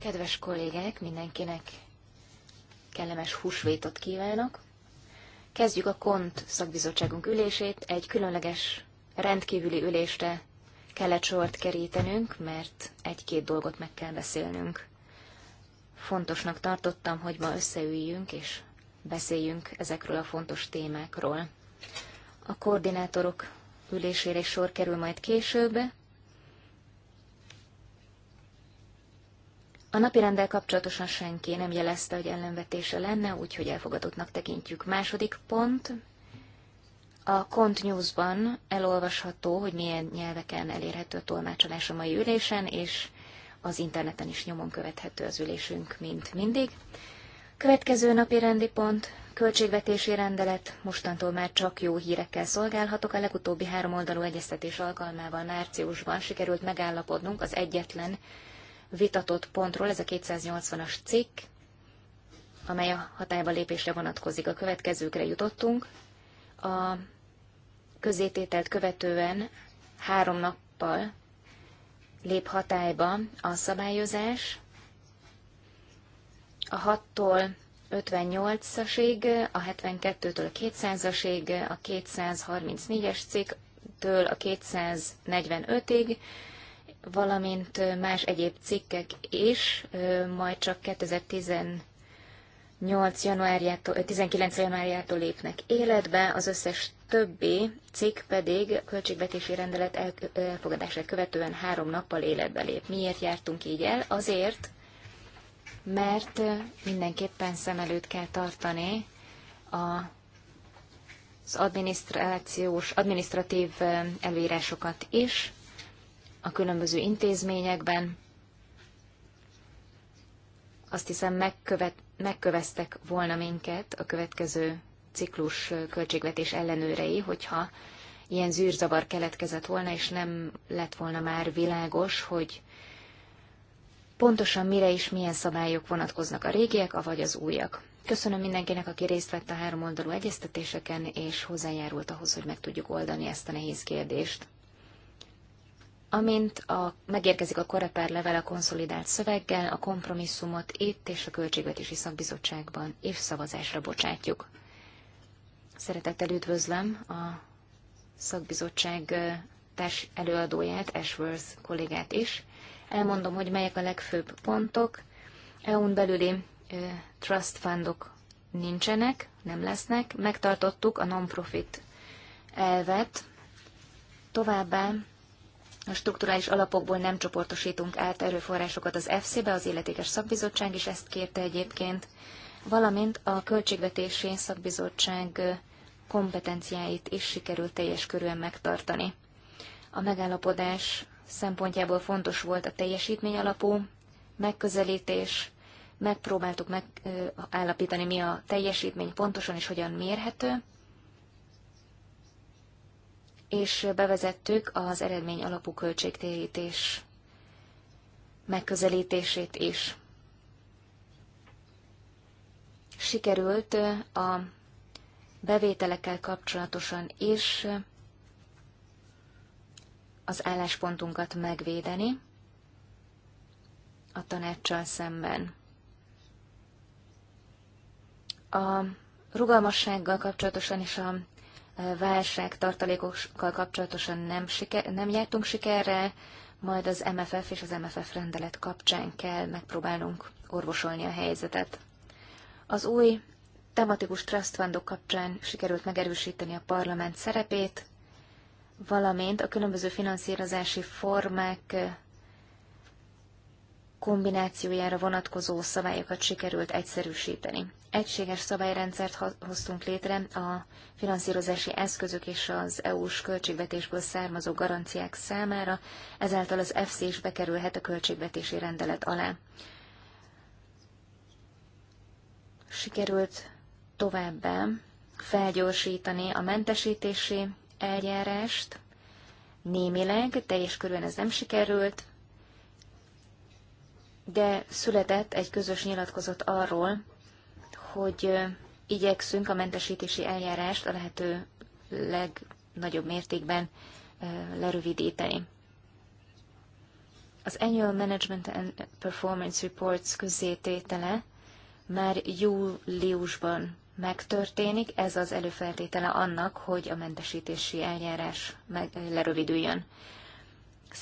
Kedves kollégák, mindenkinek kellemes húsvétot kívánok. Kezdjük a KONT szakbizottságunk ülését. Egy különleges rendkívüli ülésre kellett sort kerítenünk, mert egy-két dolgot meg kell beszélnünk. Fontosnak tartottam, hogy ma összeüljünk és beszéljünk ezekről a fontos témákról. A koordinátorok ülésére sor kerül majd később, A napirendel kapcsolatosan senki nem jelezte, hogy ellenvetése lenne, úgyhogy elfogadottnak tekintjük. Második pont. A Kont News-ban elolvasható, hogy milyen nyelveken elérhető a tolmácsolás a mai ülésen, és az interneten is nyomon követhető az ülésünk, mint mindig. Következő napi rendi pont, költségvetési rendelet, mostantól már csak jó hírekkel szolgálhatok. A legutóbbi három oldalú egyeztetés alkalmával márciusban sikerült megállapodnunk az egyetlen vitatott pontról, ez a 280-as cikk, amely a hatályba lépésre vonatkozik. A következőkre jutottunk. A közétételt követően három nappal lép hatályba a szabályozás. A 6-tól 58-asig, a 72-től a 200-asig, a 234-es cikktől a 245-ig, valamint más egyéb cikkek is, majd csak 2018. januárjától, 19. januárjától lépnek életbe, az összes többi cikk pedig költségvetési rendelet elfogadását követően három nappal életbe lép. Miért jártunk így el? Azért, mert mindenképpen szem előtt kell tartani a, az adminisztrációs, adminisztratív előírásokat is, a különböző intézményekben. Azt hiszem megkövet, megköveztek volna minket a következő ciklus költségvetés ellenőrei, hogyha ilyen zűrzavar keletkezett volna, és nem lett volna már világos, hogy pontosan mire és milyen szabályok vonatkoznak a régiek, avagy az újak. Köszönöm mindenkinek, aki részt vett a három oldalú egyeztetéseken, és hozzájárult ahhoz, hogy meg tudjuk oldani ezt a nehéz kérdést amint a, megérkezik a koreper levele a konszolidált szöveggel, a kompromisszumot itt és a Költségvetési Szakbizottságban és szavazásra bocsátjuk. Szeretettel üdvözlöm a szakbizottság társ előadóját, Ashworth kollégát is. Elmondom, hogy melyek a legfőbb pontok. EU-n belüli trust fundok nincsenek, nem lesznek. Megtartottuk a non-profit elvet. Továbbá a strukturális alapokból nem csoportosítunk át erőforrásokat az FC-be, az illetékes szakbizottság is ezt kérte egyébként, valamint a költségvetési szakbizottság kompetenciáit is sikerült teljes körűen megtartani. A megállapodás szempontjából fontos volt a teljesítmény alapú megközelítés, megpróbáltuk megállapítani, mi a teljesítmény pontosan és hogyan mérhető, és bevezettük az eredmény alapú költségtérítés megközelítését is. Sikerült a bevételekkel kapcsolatosan is az álláspontunkat megvédeni a tanácssal szemben. A rugalmassággal kapcsolatosan is a válság tartalékokkal kapcsolatosan nem, siker, nem jártunk sikerre, majd az MFF és az MFF rendelet kapcsán kell megpróbálnunk orvosolni a helyzetet. Az új tematikus trust fundok kapcsán sikerült megerősíteni a parlament szerepét, valamint a különböző finanszírozási formák kombinációjára vonatkozó szabályokat sikerült egyszerűsíteni. Egységes szabályrendszert hoztunk létre a finanszírozási eszközök és az EU-s költségvetésből származó garanciák számára, ezáltal az FC is bekerülhet a költségvetési rendelet alá. Sikerült továbbá felgyorsítani a mentesítési eljárást, némileg, teljes körülön ez nem sikerült, de született egy közös nyilatkozat arról, hogy igyekszünk a mentesítési eljárást a lehető legnagyobb mértékben lerövidíteni. Az Annual Management and Performance Reports közzététele már júliusban megtörténik, ez az előfeltétele annak, hogy a mentesítési eljárás meg, lerövidüljön.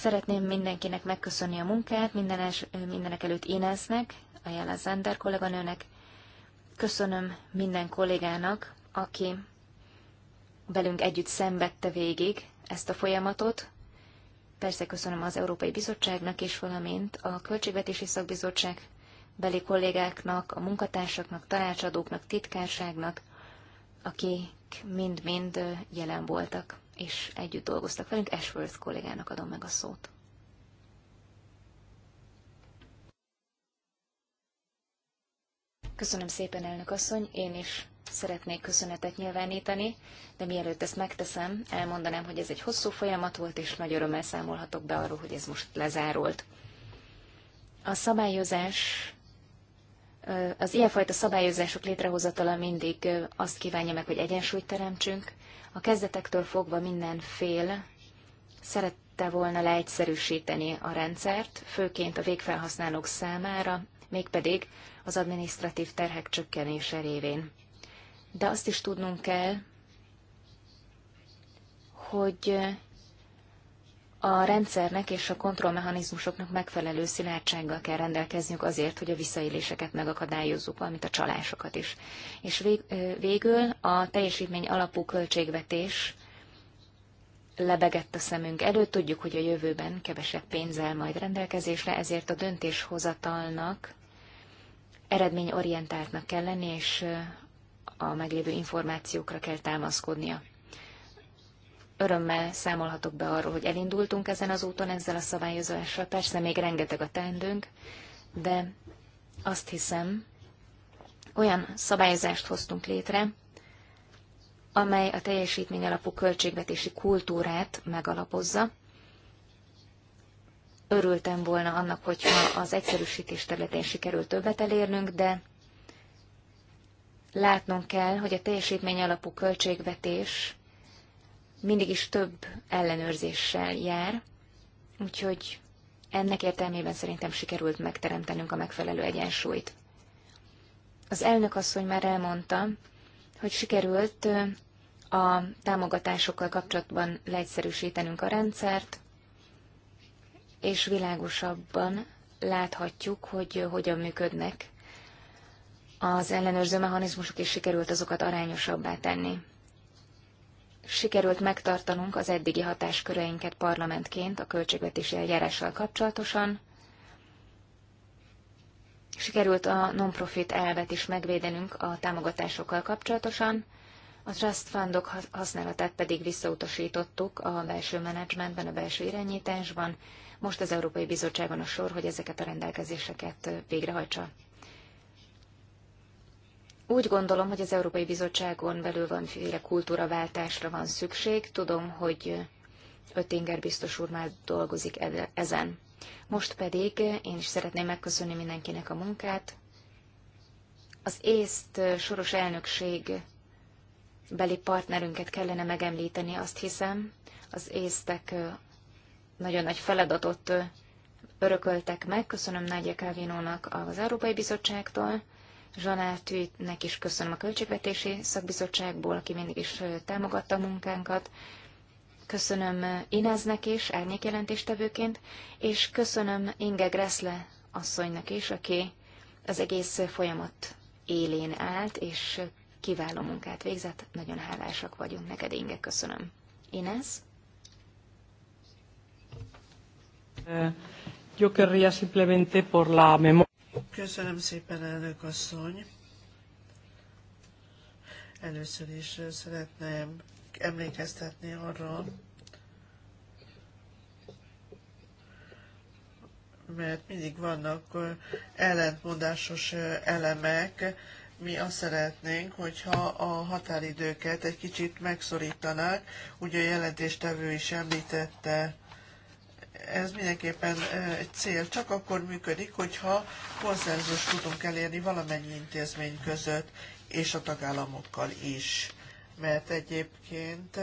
Szeretném mindenkinek megköszönni a munkát, es, mindenek előtt Inesnek, a Zender kolléganőnek. Köszönöm minden kollégának, aki velünk együtt szenvedte végig ezt a folyamatot. Persze köszönöm az Európai Bizottságnak is, valamint a Költségvetési Szakbizottság beli kollégáknak, a munkatársaknak, tanácsadóknak, titkárságnak, akik mind-mind jelen voltak és együtt dolgoztak velünk. Ashworth kollégának adom meg a szót. Köszönöm szépen, elnök asszony. Én is szeretnék köszönetet nyilvánítani, de mielőtt ezt megteszem, elmondanám, hogy ez egy hosszú folyamat volt, és nagy örömmel számolhatok be arról, hogy ez most lezárult. A szabályozás az ilyenfajta szabályozások létrehozatala mindig azt kívánja meg, hogy egyensúlyt teremtsünk. A kezdetektől fogva minden fél szerette volna leegyszerűsíteni a rendszert, főként a végfelhasználók számára, mégpedig az administratív terhek csökkenése révén. De azt is tudnunk kell, hogy a rendszernek és a kontrollmechanizmusoknak megfelelő szilárdsággal kell rendelkezniük azért, hogy a visszaéléseket megakadályozzuk, valamint a csalásokat is. És végül a teljesítmény alapú költségvetés lebegett a szemünk előtt, tudjuk, hogy a jövőben kevesebb pénzzel majd rendelkezésre, ezért a döntéshozatalnak eredményorientáltnak kell lenni, és a meglévő információkra kell támaszkodnia örömmel számolhatok be arról, hogy elindultunk ezen az úton ezzel a szabályozással. Persze még rengeteg a teendőnk, de azt hiszem, olyan szabályozást hoztunk létre, amely a teljesítmény alapú költségvetési kultúrát megalapozza. Örültem volna annak, hogyha az egyszerűsítés területén sikerült többet elérnünk, de látnunk kell, hogy a teljesítmény alapú költségvetés mindig is több ellenőrzéssel jár, úgyhogy ennek értelmében szerintem sikerült megteremtenünk a megfelelő egyensúlyt. Az elnök asszony már elmondta, hogy sikerült a támogatásokkal kapcsolatban leegyszerűsítenünk a rendszert, és világosabban láthatjuk, hogy hogyan működnek az ellenőrző mechanizmusok, és sikerült azokat arányosabbá tenni sikerült megtartanunk az eddigi hatásköreinket parlamentként a költségvetési eljárással kapcsolatosan. Sikerült a non-profit elvet is megvédenünk a támogatásokkal kapcsolatosan, a trust fundok használatát pedig visszautasítottuk a belső menedzsmentben, a belső irányításban. Most az Európai Bizottságon a sor, hogy ezeket a rendelkezéseket végrehajtsa. Úgy gondolom, hogy az Európai Bizottságon belül valamiféle kultúraváltásra van szükség. Tudom, hogy Öttinger biztos úr már dolgozik ezen. Most pedig én is szeretném megköszönni mindenkinek a munkát. Az észt soros elnökség beli partnerünket kellene megemlíteni, azt hiszem. Az észtek nagyon nagy feladatot örököltek meg. Köszönöm Nagyja Kávinónak az Európai Bizottságtól. Zsanátűnek is köszönöm a Költségvetési Szakbizottságból, aki mindig is támogatta a munkánkat. Köszönöm Ineznek is, árnyékjelentéstevőként, és köszönöm Inge Gressle asszonynak is, aki az egész folyamat élén állt, és kiváló munkát végzett. Nagyon hálásak vagyunk neked, Inge, köszönöm. Inez? Eh, yo querría simplemente por la memoria. Köszönöm szépen, elnök asszony. Először is szeretném emlékeztetni arra, mert mindig vannak ellentmondásos elemek. Mi azt szeretnénk, hogyha a határidőket egy kicsit megszorítanák, ugye a jelentéstevő is említette ez mindenképpen egy cél. Csak akkor működik, hogyha konszenzus tudunk elérni valamennyi intézmény között, és a tagállamokkal is. Mert egyébként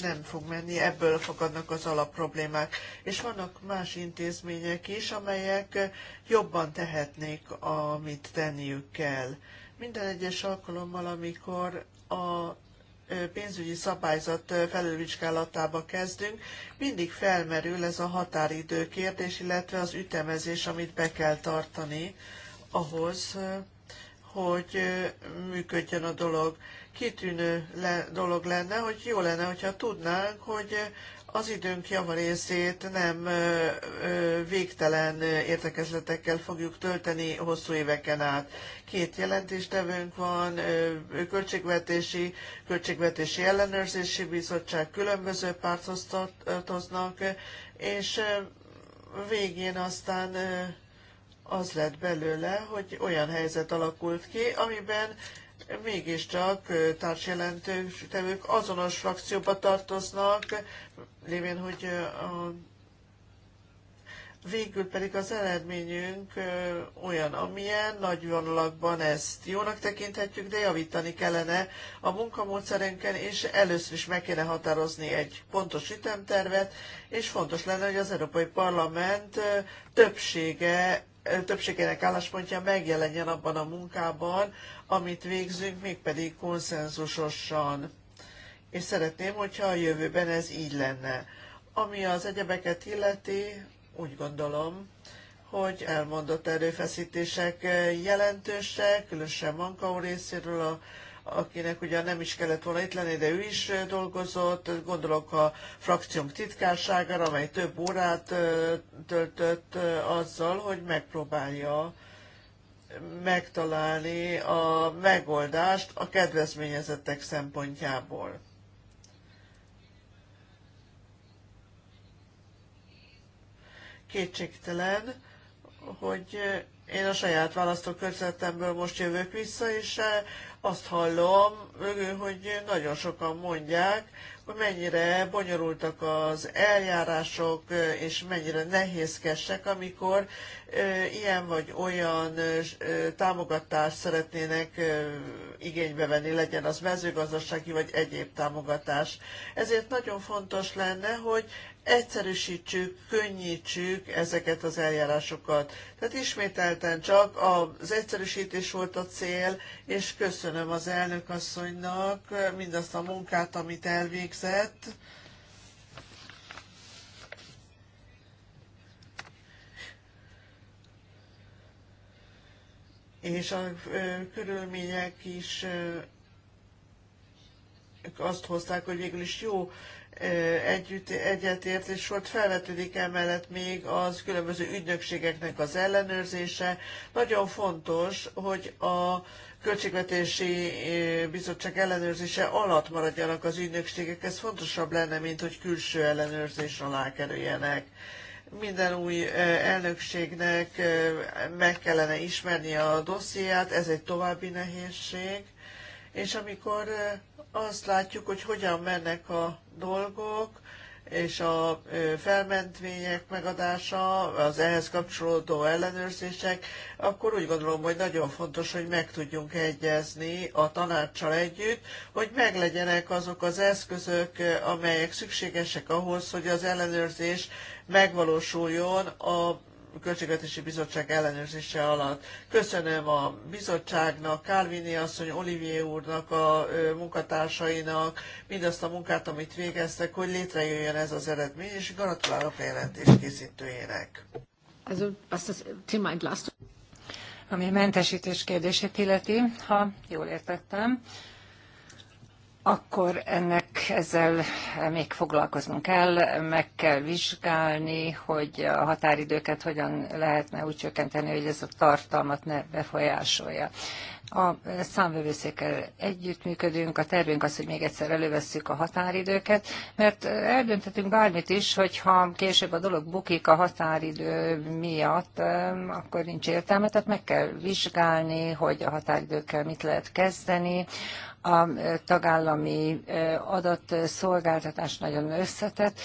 nem fog menni, ebből fakadnak az alapproblémák. És vannak más intézmények is, amelyek jobban tehetnék, amit tenniük kell. Minden egyes alkalommal, amikor a pénzügyi szabályzat felülvizsgálatába kezdünk, mindig felmerül ez a határidő kérdés, illetve az ütemezés, amit be kell tartani ahhoz, hogy működjön a dolog. Kitűnő le, dolog lenne, hogy jó lenne, hogyha tudnánk, hogy az időnk javarészét nem végtelen értekezletekkel fogjuk tölteni hosszú éveken át. Két jelentéstevőnk van, költségvetési, költségvetési ellenőrzési bizottság, különböző párthoz tartoznak, és végén aztán az lett belőle, hogy olyan helyzet alakult ki, amiben mégiscsak társjelentők azonos frakcióba tartoznak, lévén, hogy a végül pedig az eredményünk olyan, amilyen nagy vonalakban ezt jónak tekinthetjük, de javítani kellene a munkamódszerünkön, és először is meg kéne határozni egy pontos ütemtervet, és fontos lenne, hogy az Európai Parlament többsége többségének álláspontja megjelenjen abban a munkában, amit végzünk, mégpedig konszenzusosan és szeretném, hogyha a jövőben ez így lenne. Ami az egyebeket illeti, úgy gondolom, hogy elmondott erőfeszítések jelentősek, különösen Mankau részéről a akinek ugyan nem is kellett volna itt lenni, de ő is dolgozott. Gondolok a frakciónk titkárságára, amely több órát töltött azzal, hogy megpróbálja megtalálni a megoldást a kedvezményezettek szempontjából. kétségtelen, hogy én a saját választókörzetemből most jövök vissza, és eh, azt hallom, hogy nagyon sokan mondják, hogy mennyire bonyolultak az eljárások, és mennyire nehézkesek, amikor ilyen vagy olyan támogatást szeretnének igénybe venni, legyen az mezőgazdasági vagy egyéb támogatás. Ezért nagyon fontos lenne, hogy egyszerűsítsük, könnyítsük ezeket az eljárásokat. Tehát ismételten csak az egyszerűsítés volt a cél, és köszönöm az elnök asszonynak mindazt a munkát, amit elvégzett és a körülmények is azt hozták, hogy végül is jó együtt, egyetértés volt, felvetődik emellett még az különböző ügynökségeknek az ellenőrzése. Nagyon fontos, hogy a költségvetési bizottság ellenőrzése alatt maradjanak az ügynökségek, ez fontosabb lenne, mint hogy külső ellenőrzés alá kerüljenek minden új elnökségnek meg kellene ismerni a dossziát, ez egy további nehézség, és amikor azt látjuk, hogy hogyan mennek a dolgok, és a felmentvények megadása, az ehhez kapcsolódó ellenőrzések, akkor úgy gondolom, hogy nagyon fontos, hogy meg tudjunk egyezni a tanácssal együtt, hogy meglegyenek azok az eszközök, amelyek szükségesek ahhoz, hogy az ellenőrzés megvalósuljon a Költségvetési Bizottság ellenőrzése alatt. Köszönöm a bizottságnak, Kálvini asszony, Olivier úrnak, a munkatársainak, mindazt a munkát, amit végeztek, hogy létrejöjjön ez az eredmény, és gratulálok a jelentés készítőjének. Ami a mentesítés kérdését illeti, ha jól értettem, akkor ennek ezzel még foglalkoznunk kell, meg kell vizsgálni, hogy a határidőket hogyan lehetne úgy csökkenteni, hogy ez a tartalmat ne befolyásolja. A számvevőszékkel együttműködünk, a tervünk az, hogy még egyszer elővesszük a határidőket, mert eldönthetünk bármit is, hogyha később a dolog bukik a határidő miatt, akkor nincs értelme, tehát meg kell vizsgálni, hogy a határidőkkel mit lehet kezdeni, a tagállami adatszolgáltatás nagyon összetett,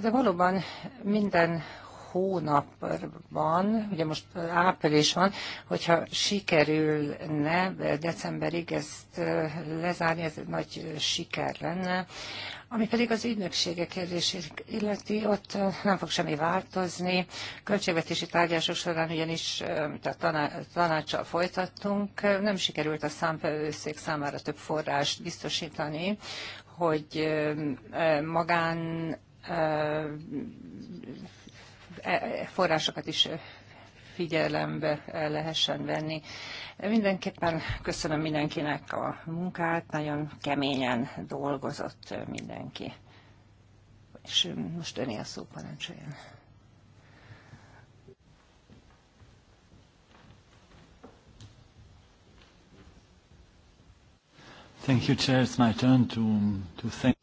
de valóban minden hónapban, ugye most április van, hogyha sikerülne decemberig ezt lezárni, ez egy nagy siker lenne, ami pedig az ügynöksége kérdését illeti, ott nem fog semmi változni. Költségvetési tárgyások során ugyanis tehát taná, tanácssal folytattunk, nem sikerült a számfelőszék számára több forrást biztosítani, hogy magán e, e, forrásokat is figyelembe lehessen venni. Mindenképpen köszönöm mindenkinek a munkát, nagyon keményen dolgozott mindenki. És most öné a szó parancsoljon. Thank you, Chair. It's my turn to, to thank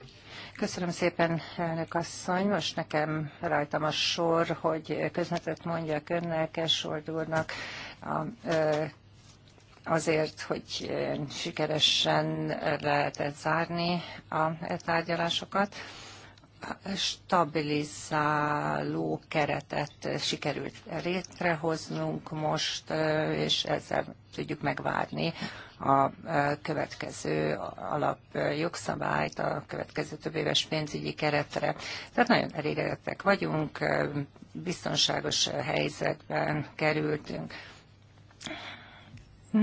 Köszönöm szépen, elnök asszony. Most nekem rajtam a sor, hogy közvetet mondjak önnek, Esold úrnak azért, hogy sikeresen lehetett zárni a tárgyalásokat stabilizáló keretet sikerült létrehoznunk most, és ezzel tudjuk megvárni a következő alapjogszabályt, a következő több éves pénzügyi keretre. Tehát nagyon elégedettek vagyunk, biztonságos helyzetben kerültünk.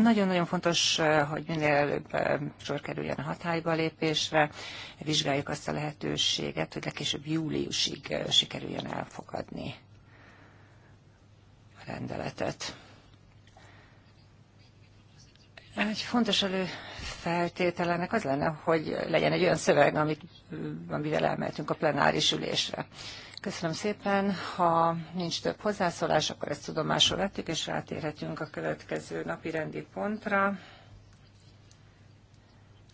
Nagyon-nagyon fontos, eh, hogy minél előbb eh, sor kerüljen a hatályba lépésre. Vizsgáljuk azt a lehetőséget, hogy legkésőbb júliusig eh, sikerüljön elfogadni a rendeletet. Egy fontos elő feltételenek az lenne, hogy legyen egy olyan szöveg, amit, amivel elmehetünk a plenáris ülésre. Köszönöm szépen. Ha nincs több hozzászólás, akkor ezt tudomásul vettük, és rátérhetünk a következő napi rendi pontra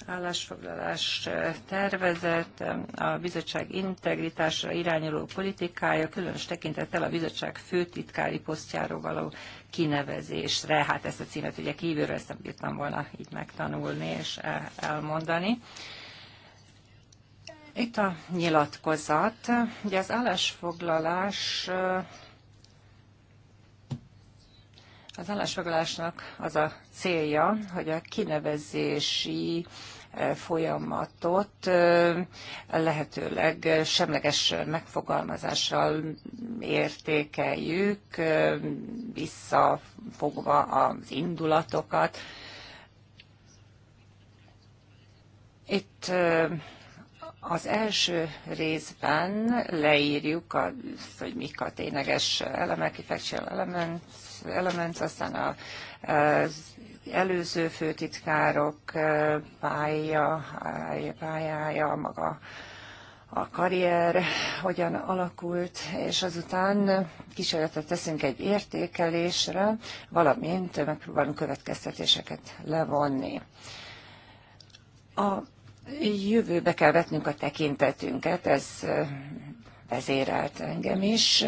állásfoglalás tervezet, a bizottság integritásra irányuló politikája, különös tekintettel a bizottság főtitkári posztjáról való kinevezésre. Hát ezt a címet ugye kívülről ezt nem tudtam volna így megtanulni és e- elmondani. Itt a nyilatkozat. Ugye az állásfoglalás az állásfoglalásnak az a célja, hogy a kinevezési folyamatot lehetőleg semleges megfogalmazással értékeljük, visszafogva az indulatokat. Itt az első részben leírjuk, a, hogy mik a tényleges elemek, effectual elements, elements aztán a, az előző főtitkárok pályája, pályája, maga a karrier hogyan alakult, és azután kísérletet teszünk egy értékelésre, valamint megpróbálunk következtetéseket levonni. A jövőbe kell vetnünk a tekintetünket, ez vezérelt engem is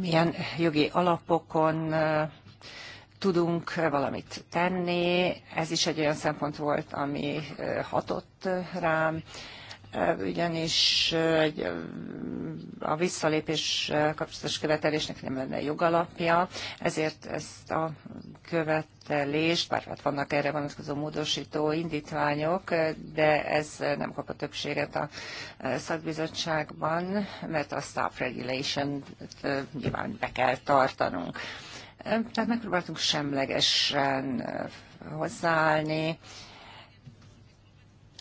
milyen jogi alapokon tudunk valamit tenni. Ez is egy olyan szempont volt, ami hatott rám ugyanis egy, a visszalépés kapcsolatos követelésnek nem lenne jogalapja, ezért ezt a követelést, bár hát vannak erre vonatkozó módosító indítványok, de ez nem kap a többséget a szakbizottságban, mert a staff regulation nyilván be kell tartanunk. Tehát megpróbáltunk semlegesen hozzáállni,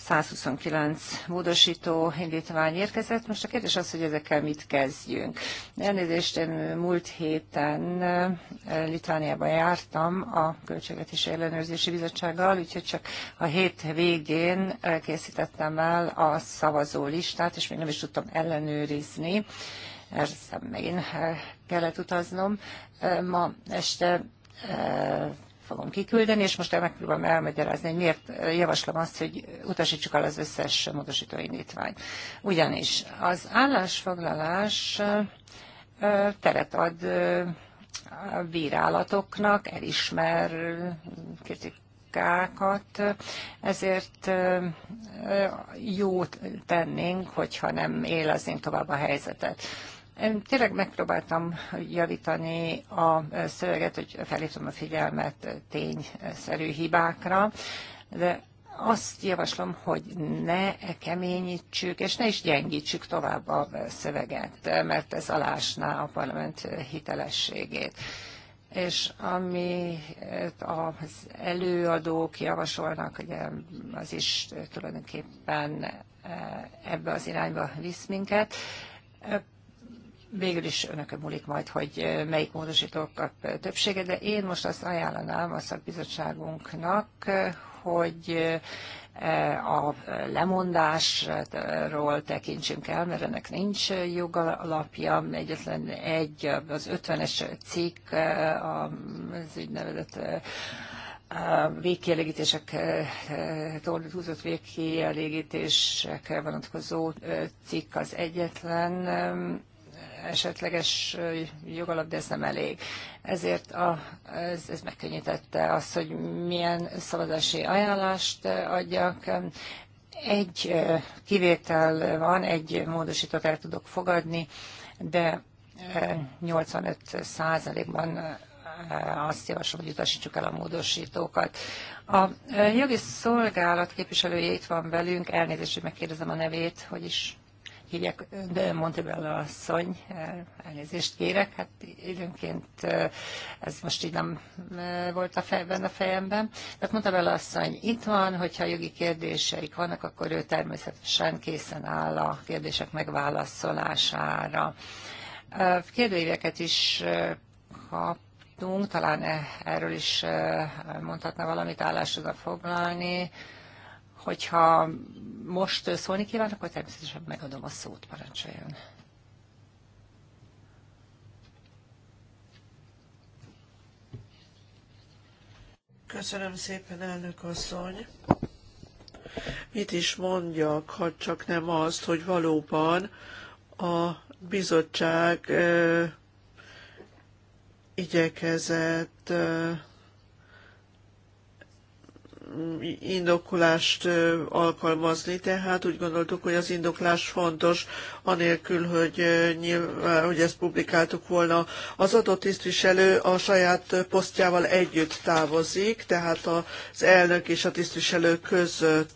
129 módosító indítvány érkezett. Most a kérdés az, hogy ezekkel mit kezdjünk. Elnézést, én múlt héten eh, Litvániában jártam a Költségvetési Ellenőrzési Bizottsággal, úgyhogy csak a hét végén készítettem el a szavazó listát, és még nem is tudtam ellenőrizni. Ezt megint eh, kellett utaznom. Eh, ma este fogom kiküldeni, és most megpróbálom elmagyarázni, hogy miért javaslom azt, hogy utasítsuk el az összes módosító indítványt. Ugyanis az állásfoglalás teret ad a bírálatoknak, elismer kritikákat, ezért jót tennénk, hogyha nem él az én tovább a helyzetet. Én tényleg megpróbáltam javítani a szöveget, hogy felhívtam a figyelmet tényszerű hibákra, de azt javaslom, hogy ne keményítsük, és ne is gyengítsük tovább a szöveget, mert ez alásná a parlament hitelességét. És ami az előadók javasolnak, ugye az is tulajdonképpen ebbe az irányba visz minket végül is önökön múlik majd, hogy melyik módosítók kap többsége, de én most azt ajánlanám a szakbizottságunknak, hogy e, a lemondásról tekintsünk el, mert ennek nincs jogalapja. Egyetlen egy, az 50-es cikk az úgynevezett végkielégítések, túlzott végkielégítésekre vonatkozó cikk az egyetlen, esetleges jogalap, de ez nem elég. Ezért a, ez, ez megkönnyítette azt, hogy milyen szavazási ajánlást adjak. Egy kivétel van, egy módosítót el tudok fogadni, de 85%-ban azt javaslom, hogy utasítsuk el a módosítókat. A jogi szolgálat képviselője itt van velünk, elnézést, hogy megkérdezem a nevét, hogy is hívják, de Montebello asszony, elnézést kérek, hát időnként ez most így nem volt a fejben, a fejemben. Tehát Montebello asszony itt van, hogyha jogi kérdéseik vannak, akkor ő természetesen készen áll a kérdések megválaszolására. Kérdőíveket is kap talán e, erről is mondhatna valamit állásodat foglalni. Hogyha most szólni kívánok, akkor természetesen megadom a szót, parancsoljon. Köszönöm szépen, elnök asszony. Mit is mondjak, ha csak nem azt, hogy valóban a bizottság ö, igyekezett ö, indokulást alkalmazni, tehát úgy gondoltuk, hogy az indoklás fontos, anélkül, hogy, nyilván, hogy ezt publikáltuk volna. Az adott tisztviselő a saját posztjával együtt távozik, tehát az elnök és a tisztviselő között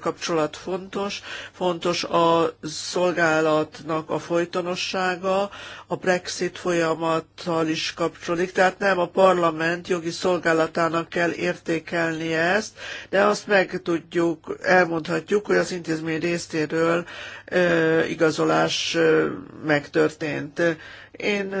kapcsolat fontos. Fontos a szolgálatnak a folytonossága, a Brexit folyamattal is kapcsolódik, tehát nem a parlament jogi szolgálatának kell értékelni ezt, de azt meg tudjuk, elmondhatjuk, hogy az intézmény részéről igazolás megtörtént. Én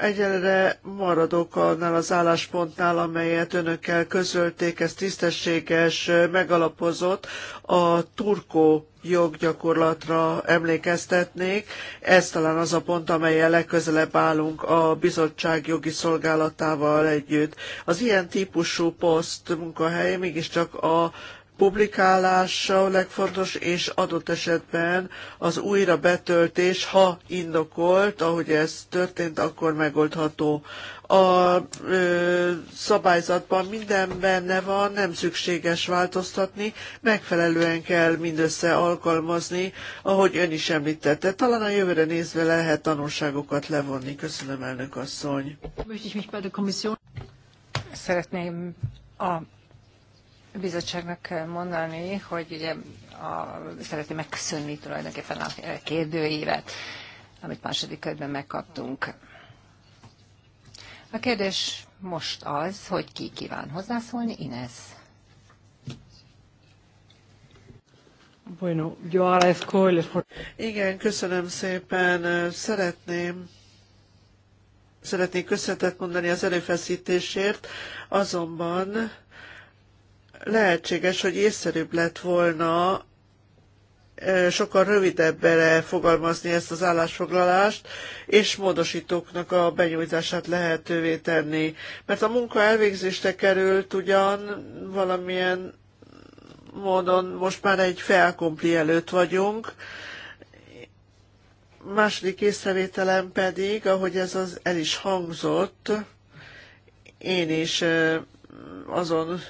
egyelőre maradok annál az álláspontnál, amelyet önökkel közölték, ez tisztességes, megalapozott a turkó joggyakorlatra emlékeztetnék. Ez talán az a pont, amelyen legközelebb állunk a bizottság jogi szolgálatával együtt. Az ilyen típusú poszt munkahely mégiscsak a publikálása a legfontos, és adott esetben az újra betöltés, ha indokolt, ahogy ez történt, akkor megoldható. A ö, szabályzatban minden benne van, nem szükséges változtatni, megfelelően kell mindössze alkalmazni, ahogy ön is említette. Talán a jövőre nézve lehet tanulságokat levonni. Köszönöm, elnök asszony. Szeretném a bizottságnak kell mondani, hogy ugye a, szeretné megköszönni tulajdonképpen a kérdőívet, amit második körben megkaptunk. A kérdés most az, hogy ki kíván hozzászólni, Inez. Bueno, yo agradezco el Igen, köszönöm szépen. Szeretném Szeretnék köszönetet mondani az előfeszítésért, azonban lehetséges, hogy észszerűbb lett volna sokkal rövidebbre fogalmazni ezt az állásfoglalást, és módosítóknak a benyújtását lehetővé tenni. Mert a munka elvégzésre került ugyan valamilyen módon most már egy felkompli előtt vagyunk, második észrevételem pedig, ahogy ez az el is hangzott, én is azon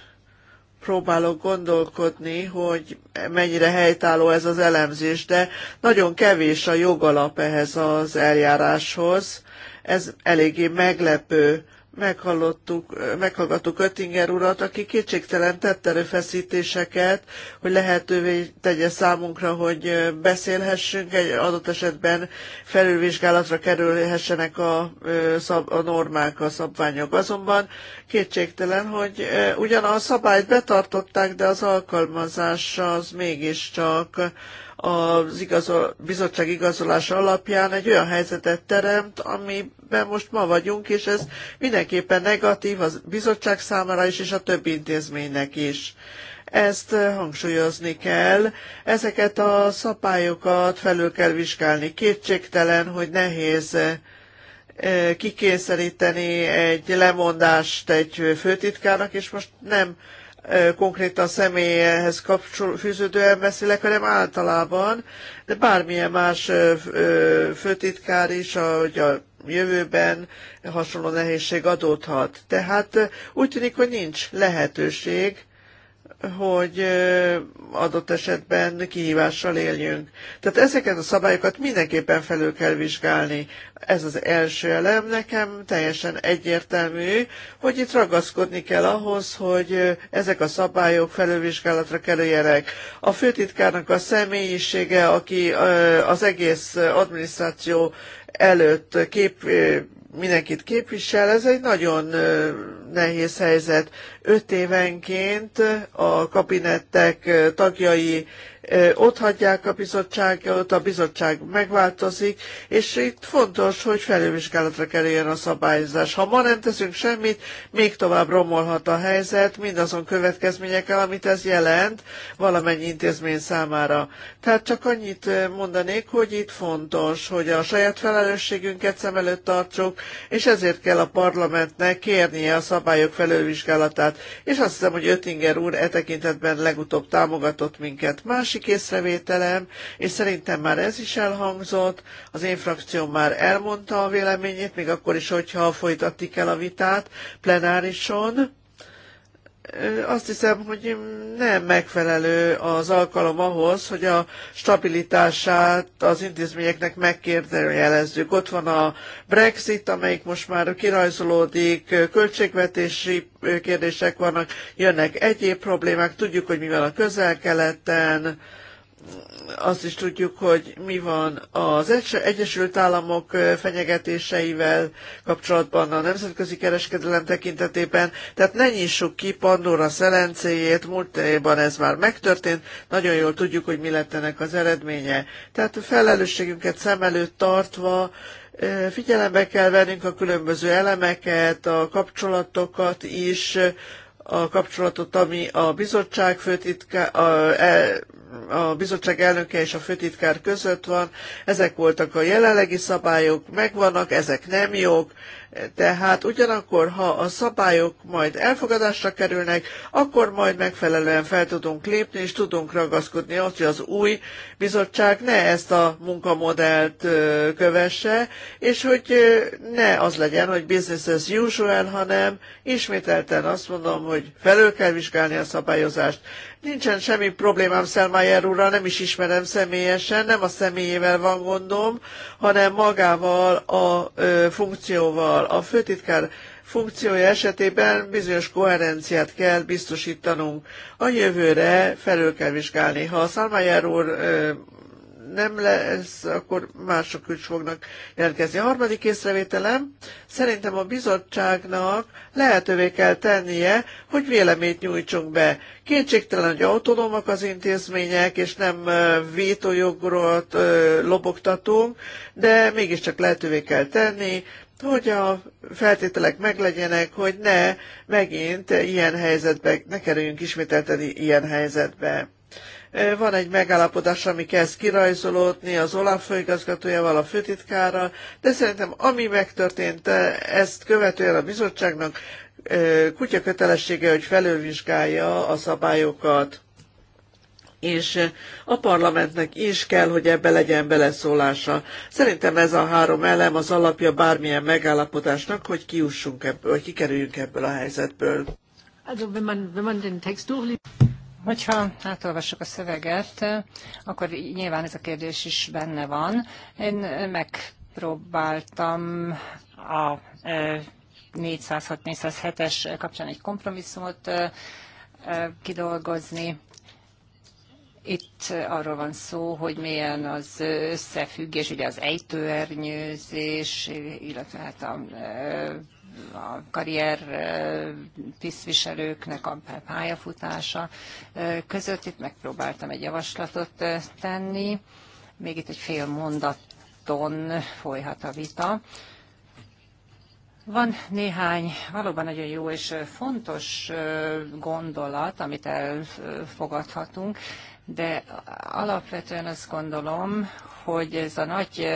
próbálok gondolkodni, hogy mennyire helytálló ez az elemzés, de nagyon kevés a jogalap ehhez az eljáráshoz. Ez eléggé meglepő meghallottuk, meghallgattuk Öttinger urat, aki kétségtelen tett erőfeszítéseket, hogy lehetővé tegye számunkra, hogy beszélhessünk, egy adott esetben felülvizsgálatra kerülhessenek a, szab, a normák, a szabványok. Azonban kétségtelen, hogy ugyan a szabályt betartották, de az alkalmazás az mégiscsak csak az igazol, bizottság igazolása alapján egy olyan helyzetet teremt, amiben most ma vagyunk, és ez mindenképpen negatív a bizottság számára is, és a többi intézménynek is. Ezt eh, hangsúlyozni kell, ezeket a szabályokat felül kell vizsgálni. Kétségtelen, hogy nehéz eh, kikényszeríteni egy lemondást egy főtitkának, és most nem konkrétan személyhez kapcsol, fűződően beszélek, hanem általában, de bármilyen más főtitkár is, hogy a jövőben hasonló nehézség adódhat. Tehát úgy tűnik, hogy nincs lehetőség hogy adott esetben kihívással éljünk. Tehát ezeket a szabályokat mindenképpen felül kell vizsgálni. Ez az első elem nekem teljesen egyértelmű, hogy itt ragaszkodni kell ahhoz, hogy ezek a szabályok felülvizsgálatra kerüljenek. A főtitkárnak a személyisége, aki az egész adminisztráció előtt kép mindenkit képvisel, ez egy nagyon nehéz helyzet. Öt évenként a kabinettek tagjai ott hagyják a bizottságot, a bizottság megváltozik, és itt fontos, hogy felülvizsgálatra kerüljön a szabályozás. Ha ma nem teszünk semmit, még tovább romolhat a helyzet, mindazon következményekkel, amit ez jelent valamennyi intézmény számára. Tehát csak annyit mondanék, hogy itt fontos, hogy a saját felelősségünket szem előtt tartsuk, és ezért kell a parlamentnek kérnie a szabályok felülvizsgálatát. És azt hiszem, hogy Öttinger úr e tekintetben legutóbb támogatott minket. Másik másik észrevételem, és szerintem már ez is elhangzott, az én frakcióm már elmondta a véleményét, még akkor is, hogyha folytatni kell a vitát plenárison, azt hiszem, hogy nem megfelelő az alkalom ahhoz, hogy a stabilitását az intézményeknek megkérdőjelezzük. Ott van a Brexit, amelyik most már kirajzolódik, költségvetési kérdések vannak, jönnek egyéb problémák, tudjuk, hogy mi van a közel-keleten, azt is tudjuk, hogy mi van az Egyesült Államok fenyegetéseivel kapcsolatban a nemzetközi kereskedelem tekintetében. Tehát ne nyissuk ki Pandora szelencéjét, múltban ez már megtörtént, nagyon jól tudjuk, hogy mi lett ennek az eredménye. Tehát a felelősségünket szem előtt tartva figyelembe kell vennünk a különböző elemeket, a kapcsolatokat is, a kapcsolatot, ami a bizottság, főtitká, a, e, a bizottság elnöke és a főtitkár között van. Ezek voltak a jelenlegi szabályok, megvannak, ezek nem jók, tehát ugyanakkor, ha a szabályok majd elfogadásra kerülnek, akkor majd megfelelően fel tudunk lépni, és tudunk ragaszkodni azt, hogy az új bizottság ne ezt a munkamodellt kövesse, és hogy ne az legyen, hogy business as usual, hanem ismételten azt mondom, hogy felül kell vizsgálni a szabályozást, Nincsen semmi problémám Szelmájer úrral, nem is ismerem személyesen, nem a személyével van gondom, hanem magával a ö, funkcióval. A főtitkár funkciója esetében bizonyos koherenciát kell biztosítanunk. A jövőre felül kell vizsgálni. Ha a Szelmájer úr ö, nem lesz, akkor mások is fognak jelentkezni. A harmadik észrevételem, szerintem a bizottságnak lehetővé kell tennie, hogy véleményt nyújtsunk be. Kétségtelen, hogy autonómak az intézmények, és nem vétójogról lobogtatunk, de mégiscsak lehetővé kell tenni, hogy a feltételek meglegyenek, hogy ne megint ilyen helyzetbe, ne kerüljünk ismételten ilyen helyzetbe. Van egy megállapodás, ami kezd kirajzolódni az Olaf főigazgatójával, a főtitkárral, de szerintem ami megtörtént ezt követően a bizottságnak, kutya kötelessége, hogy felülvizsgálja a szabályokat és a parlamentnek is kell, hogy ebbe legyen beleszólása. Szerintem ez a három elem az alapja bármilyen megállapodásnak, hogy kiussunk ebből, hogy kikerüljünk ebből a helyzetből. Also, wenn man, wenn man den Text durchliest... Hogyha átolvassuk a szöveget, akkor nyilván ez a kérdés is benne van. Én megpróbáltam a 406-407-es e, kapcsán egy kompromisszumot e, e, kidolgozni. Itt arról van szó, hogy milyen az összefüggés, ugye az ejtőernyőzés, illetve hát a a karrier tisztviselőknek a pályafutása között. Itt megpróbáltam egy javaslatot tenni. Még itt egy fél mondaton folyhat a vita. Van néhány valóban nagyon jó és fontos gondolat, amit elfogadhatunk, de alapvetően azt gondolom, hogy ez a nagy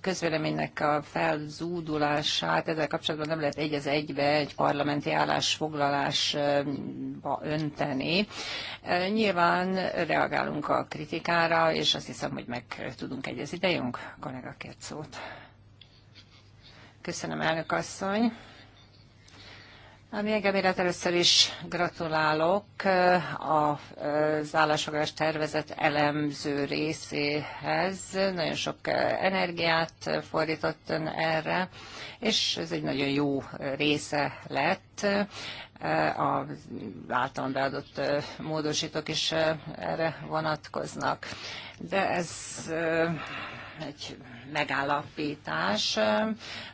közvéleménynek a felzúdulását ezzel kapcsolatban nem lehet egy az egybe egy parlamenti állásfoglalásba önteni. Nyilván reagálunk a kritikára, és azt hiszem, hogy meg tudunk egyezni. De jönk, kollega két szót. Köszönöm, elnök asszony. Ami engem illet először is gratulálok eh, az állásfoglalás tervezet elemző részéhez. Nagyon sok eh, energiát fordított ön erre, és ez egy nagyon jó része lett. Eh, a általán beadott módosítók is erre vonatkoznak. De ez egy megállapítás,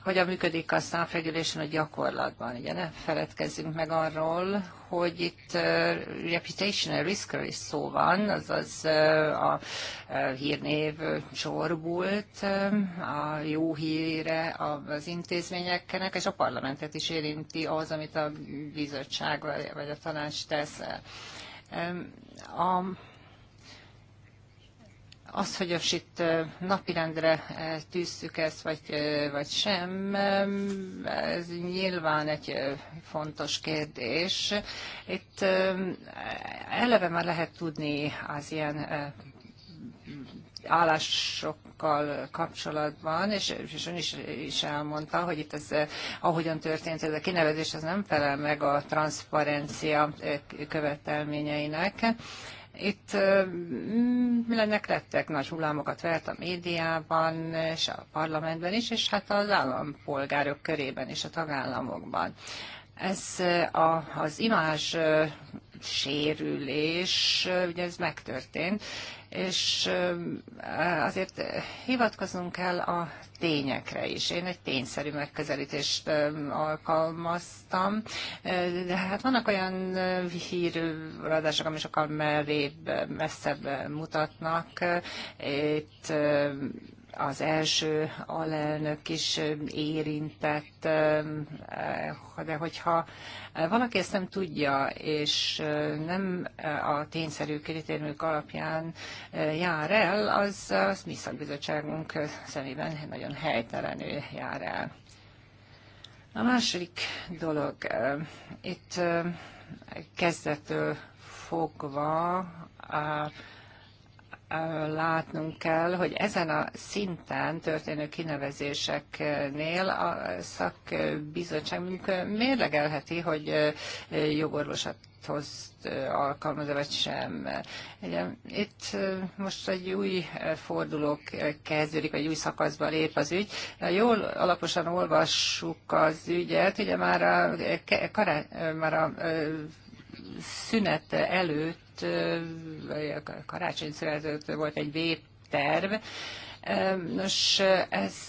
hogy a működik a számfegyülésen a gyakorlatban. Ugye ne feledkezzünk meg arról, hogy itt reputational riskről is szó van, azaz a hírnév csorbult, a jó híre az intézményeknek, és a parlamentet is érinti az, amit a bizottság vagy a tanács tesz. A az, hogy most itt napirendre tűztük ezt, vagy, vagy sem, ez nyilván egy fontos kérdés. Itt eleve már lehet tudni az ilyen állásokkal kapcsolatban, és, és ön is, is elmondta, hogy itt ez, ahogyan történt ez a kinevezés, az nem felel meg a transzparencia követelményeinek. Itt mindennek lettek nagy hullámokat vert a médiában és a parlamentben is, és hát az állampolgárok körében és a tagállamokban. Ez a, az imázs sérülés, ugye ez megtörtént, és azért hivatkoznunk kell a tényekre is. Én egy tényszerű megközelítést alkalmaztam, de hát vannak olyan hírradások, ami sokkal mellébb, messzebb mutatnak. Itt az első alelnök is érintett, de hogyha valaki ezt nem tudja, és nem a tényszerű kritériumok alapján jár el, az a mi szakbizottságunk szemében nagyon helytelenül jár el. A második dolog, itt kezdettől fogva látnunk kell, hogy ezen a szinten történő kinevezéseknél a szakbizottság mérlegelheti, hogy jogorvosat hoz alkalmazza, vagy sem. Ugye, itt most egy új forduló kezdődik, vagy új szakaszba lép az ügy. Jól alaposan olvassuk az ügyet, ugye már a, kará, már a szünet előtt, karácsony szünet előtt volt egy vépterv. Nos, ez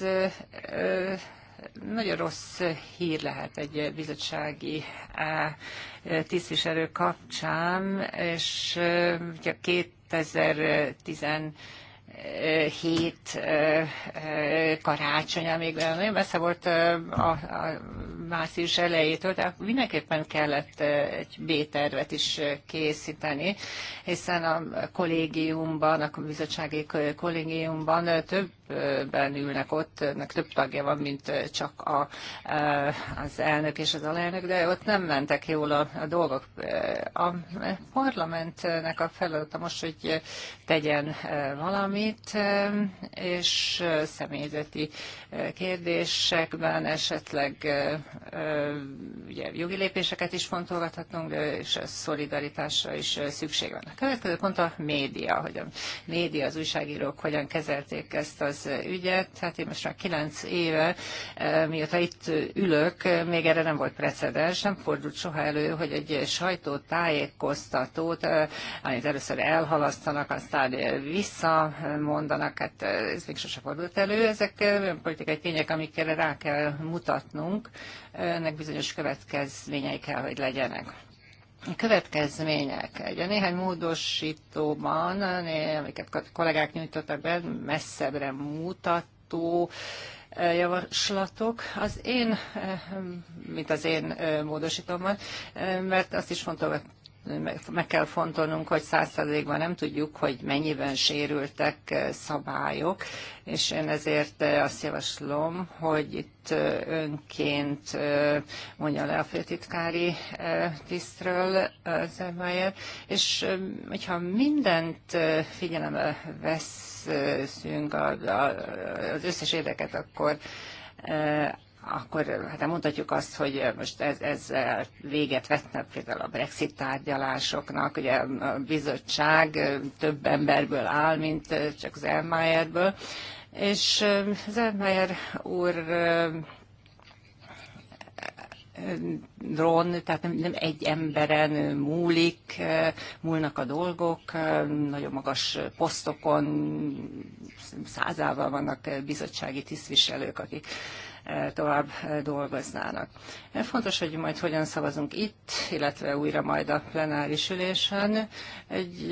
nagyon rossz hír lehet egy bizottsági tisztviselő kapcsán, és ugye 2010 hét karácsonya, még nagyon messze volt a, a március elejétől, de mindenképpen kellett egy B-tervet is készíteni, hiszen a kollégiumban, a bizottsági kollégiumban több többen ülnek ott, ennek több tagja van, mint csak a, az elnök és az alelnök, de ott nem mentek jól a, a dolgok. A parlamentnek a feladata most, hogy tegyen e, valamit, e, és személyzeti e, kérdésekben esetleg ugye, jogi lépéseket is fontolgathatunk, és a szolidaritásra is szükség van. A következő pont a média, hogy a média, az újságírók hogyan kezelték ezt az az ügyet. Hát én most már kilenc éve, eh, mióta itt ülök, még erre nem volt precedens, nem fordult soha elő, hogy egy sajtótájékoztatót, eh, amit először elhalasztanak, aztán visszamondanak, hát eh, ez még sose fordult elő. Ezek olyan politikai tények, amikkel rá kell mutatnunk, ennek bizonyos következményei kell, hogy legyenek következmények. Ugye néhány módosítóban, amiket kollégák nyújtottak be, messzebbre mutató eh, javaslatok. Az én, eh, mint az én eh, módosítomban, mert azt is fontos meg kell fontolnunk, hogy százszerzékban nem tudjuk, hogy mennyiben sérültek eh, szabályok, és én ezért eh, azt javaslom, hogy itt eh, önként mondja le a főtitkári tisztről emelyet, és hogyha mindent figyelembe veszünk, az összes érdeket, akkor akkor hát mondhatjuk azt, hogy most ez, ez véget vetne például a Brexit tárgyalásoknak. Ugye a bizottság több emberből áll, mint csak az És um, az úr um, drón, tehát nem, nem egy emberen múlik, múlnak a dolgok, nagyon magas posztokon százával vannak bizottsági tisztviselők, akik tovább dolgoznának. Fontos, hogy majd hogyan szavazunk itt, illetve újra majd a plenáris ülésen. Egy,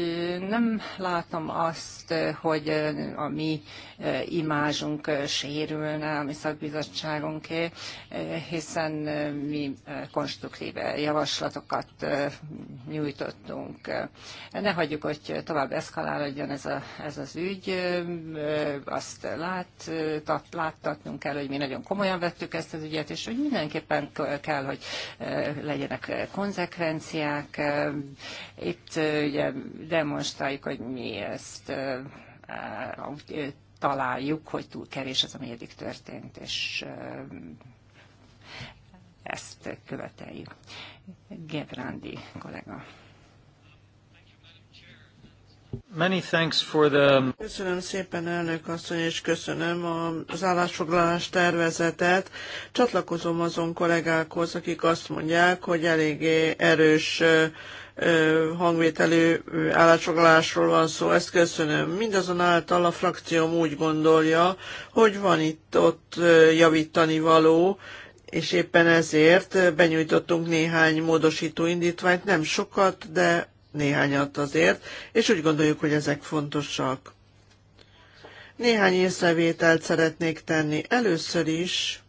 nem látom azt, hogy a mi e, imázsunk e, sérülne, a mi szakbizottságunké, e, hiszen mi konstruktív javaslatokat nyújtottunk. Ne hagyjuk, hogy tovább eszkalálódjon ez, a, ez az ügy. Azt lát, tat, láttatnunk kell, hogy mi nagyon komoly komolyan vettük ezt az ügyet, és hogy mindenképpen kell, hogy e, legyenek konzekvenciák. E, itt e, ugye demonstráljuk, hogy mi ezt találjuk, hogy túl kevés az, ami eddig történt, és ezt követeljük. Gebrandi kollega. Many thanks for the... Um, köszönöm szépen, elnök asszony, és köszönöm az állásfoglalás tervezetet. Csatlakozom azon kollégákhoz, akik azt mondják, hogy eléggé erős hangvételű állásfoglalásról van szó, ezt köszönöm. Mindazonáltal a frakcióm úgy gondolja, hogy van itt-ott javítani való, és éppen ezért benyújtottunk néhány módosító indítványt, nem sokat, de néhányat azért, és úgy gondoljuk, hogy ezek fontosak. Néhány észrevételt szeretnék tenni. Először is,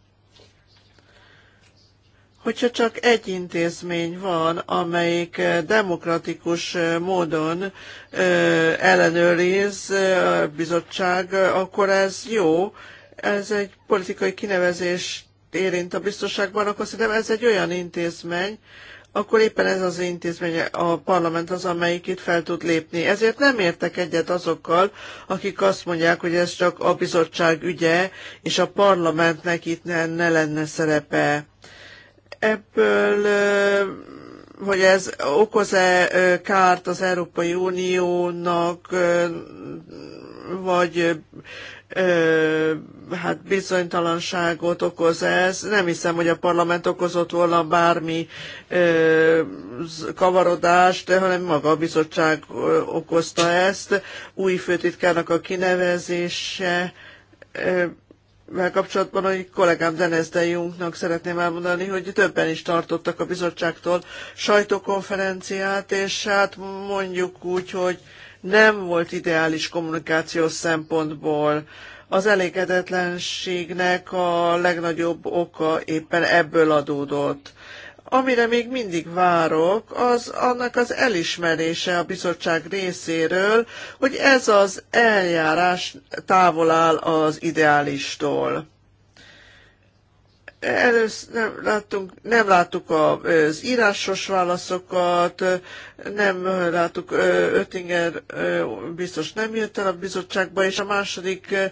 hogyha csak egy intézmény van, amelyik demokratikus módon ellenőriz a bizottság, akkor ez jó. Ez egy politikai kinevezést érint a biztonságban, akkor szerintem ez egy olyan intézmény, akkor éppen ez az intézmény, a parlament az, amelyik itt fel tud lépni. Ezért nem értek egyet azokkal, akik azt mondják, hogy ez csak a bizottság ügye, és a parlamentnek itt ne, ne lenne szerepe. Ebből hogy ez okoz-e kárt az Európai Uniónak, vagy ö, hát bizonytalanságot okoz ez. Nem hiszem, hogy a parlament okozott volna bármi ö, kavarodást, hanem maga a bizottság okozta ezt. Új főtitkának a kinevezése ö, vel kapcsolatban, hogy kollégám Denez de Jungnak szeretném elmondani, hogy többen is tartottak a bizottságtól sajtókonferenciát, és hát mondjuk úgy, hogy nem volt ideális kommunikációs szempontból. Az elégedetlenségnek a legnagyobb oka éppen ebből adódott. Amire még mindig várok, az annak az elismerése a bizottság részéről, hogy ez az eljárás távol áll az ideálistól először nem, láttunk, nem láttuk az írásos válaszokat, nem láttuk Öttinger biztos nem jött el a bizottságba, és a második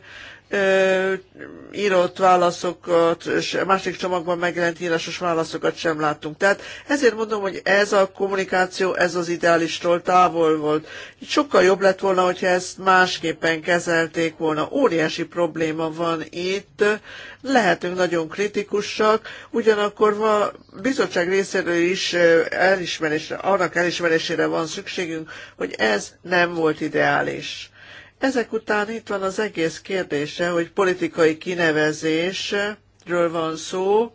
írott válaszokat, és másik csomagban megjelent írásos válaszokat sem láttunk. Tehát ezért mondom, hogy ez a kommunikáció, ez az ideálistól távol volt. sokkal jobb lett volna, hogyha ezt másképpen kezelték volna. Óriási probléma van itt, lehetünk nagyon kritikusak, ugyanakkor a bizottság részéről is elismerésre, annak elismerésére van szükségünk, hogy ez nem volt ideális. Ezek után itt van az egész kérdése, hogy politikai kinevezésről van szó,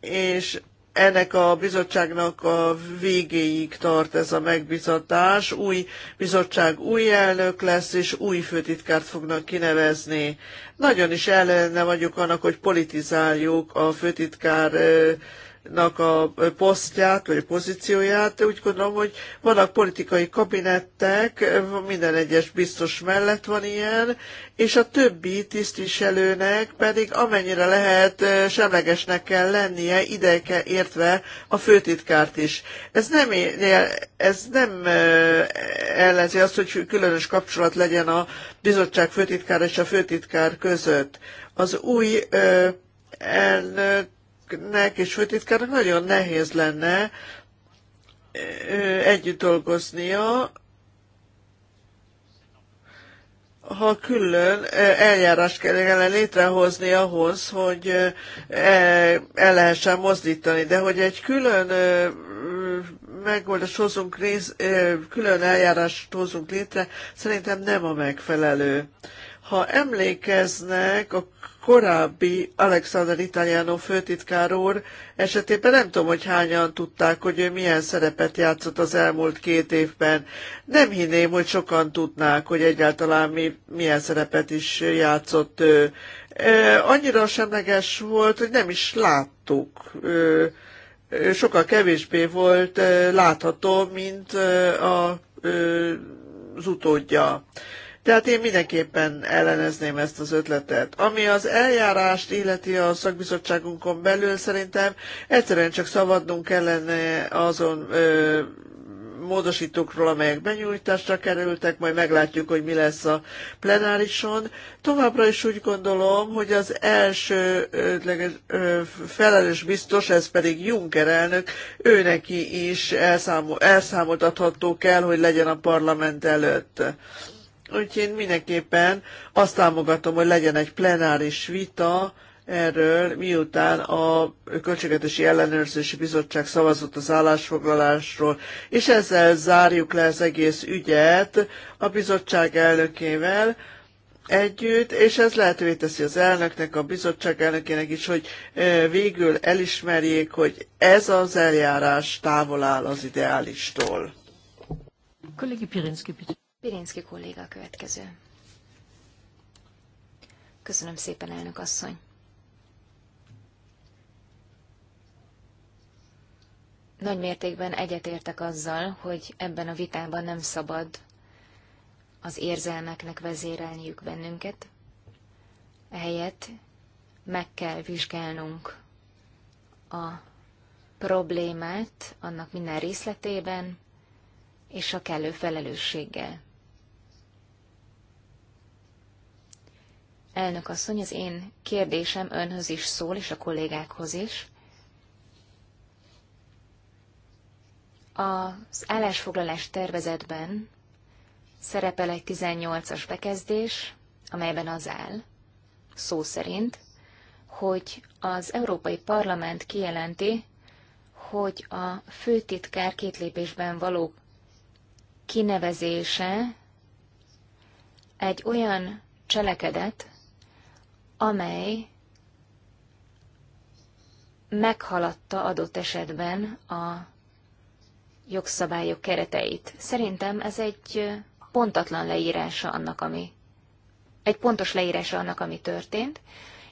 és ennek a bizottságnak a végéig tart ez a megbizatás. Új bizottság új elnök lesz, és új főtitkárt fognak kinevezni. Nagyon is ellene vagyok annak, hogy politizáljuk a főtitkár nak a posztját, vagy a pozícióját. Úgy gondolom, hogy vannak politikai kabinettek, minden egyes biztos mellett van ilyen, és a többi tisztviselőnek pedig amennyire lehet eh, semlegesnek kell lennie, ide kell értve a főtitkárt is. Ez nem, ez nem eh, ellenzi azt, hogy különös kapcsolat legyen a bizottság főtitkár és a főtitkár között. Az új eh, elnök elnöknek és főtitkárnak nagyon nehéz lenne együtt dolgoznia, ha külön eljárás kellene létrehozni ahhoz, hogy e, el lehessen mozdítani, de hogy egy külön megoldást hozunk rész, külön eljárást hozunk létre, szerintem nem a megfelelő. Ha emlékeznek, a korábbi Alexander Italiano főtitkár úr esetében nem tudom, hogy hányan tudták, hogy ő milyen szerepet játszott az elmúlt két évben. Nem hinném, hogy sokan tudnák, hogy egyáltalán mi, milyen szerepet is játszott ő. Annyira semleges volt, hogy nem is láttuk. Sokkal kevésbé volt látható, mint a, az utódja. Tehát én mindenképpen ellenezném ezt az ötletet. Ami az eljárást illeti a szakbizottságunkon belül, szerintem egyszerűen csak szabadnunk kellene azon ö, módosítókról, amelyek benyújtásra kerültek, majd meglátjuk, hogy mi lesz a plenárison. Továbbra is úgy gondolom, hogy az első ötleges, felelős biztos, ez pedig Juncker elnök, őneki is elszámol, elszámoltatható kell, hogy legyen a parlament előtt. Úgyhogy én mindenképpen azt támogatom, hogy legyen egy plenáris vita erről, miután a Költségvetési Ellenőrzési Bizottság szavazott az állásfoglalásról, és ezzel zárjuk le az egész ügyet a bizottság elnökével, együtt, és ez lehetővé teszi az elnöknek, a bizottság elnökének is, hogy végül elismerjék, hogy ez az eljárás távol áll az ideálistól. Kollégi Pirinski. bitte. Pirinszki kolléga a következő. Köszönöm szépen, elnök asszony. Nagy mértékben egyetértek azzal, hogy ebben a vitában nem szabad az érzelmeknek vezérelniük bennünket. Ehelyett meg kell vizsgálnunk a problémát annak minden részletében és a kellő felelősséggel. Elnök asszony, az én kérdésem önhöz is szól, és a kollégákhoz is. Az állásfoglalás tervezetben szerepel egy 18-as bekezdés, amelyben az áll, szó szerint, hogy az Európai Parlament kijelenti, hogy a főtitkár két lépésben való kinevezése egy olyan cselekedet, amely meghaladta adott esetben a jogszabályok kereteit. Szerintem ez egy pontatlan leírása annak, ami egy pontos leírása annak, ami történt,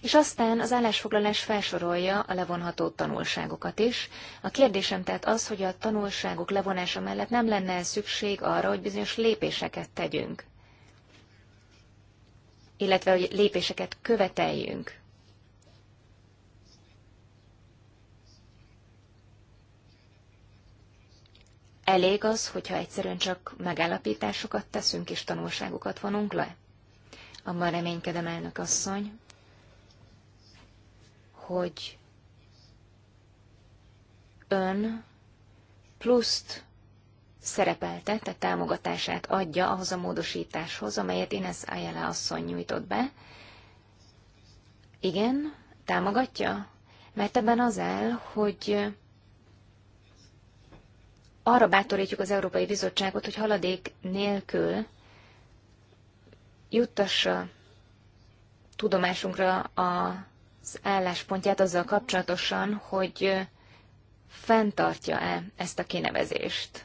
és aztán az állásfoglalás felsorolja a levonható tanulságokat is. A kérdésem tehát az, hogy a tanulságok levonása mellett nem lenne szükség arra, hogy bizonyos lépéseket tegyünk illetve hogy lépéseket követeljünk. Elég az, hogyha egyszerűen csak megállapításokat teszünk és tanulságokat vonunk le? Abban reménykedem, elnök asszony, hogy ön pluszt szerepeltet, tehát támogatását adja ahhoz a módosításhoz, amelyet Ines Ayala asszony nyújtott be. Igen, támogatja? Mert ebben az áll, hogy arra bátorítjuk az Európai Bizottságot, hogy haladék nélkül juttassa tudomásunkra az álláspontját azzal kapcsolatosan, hogy fenntartja-e ezt a kinevezést.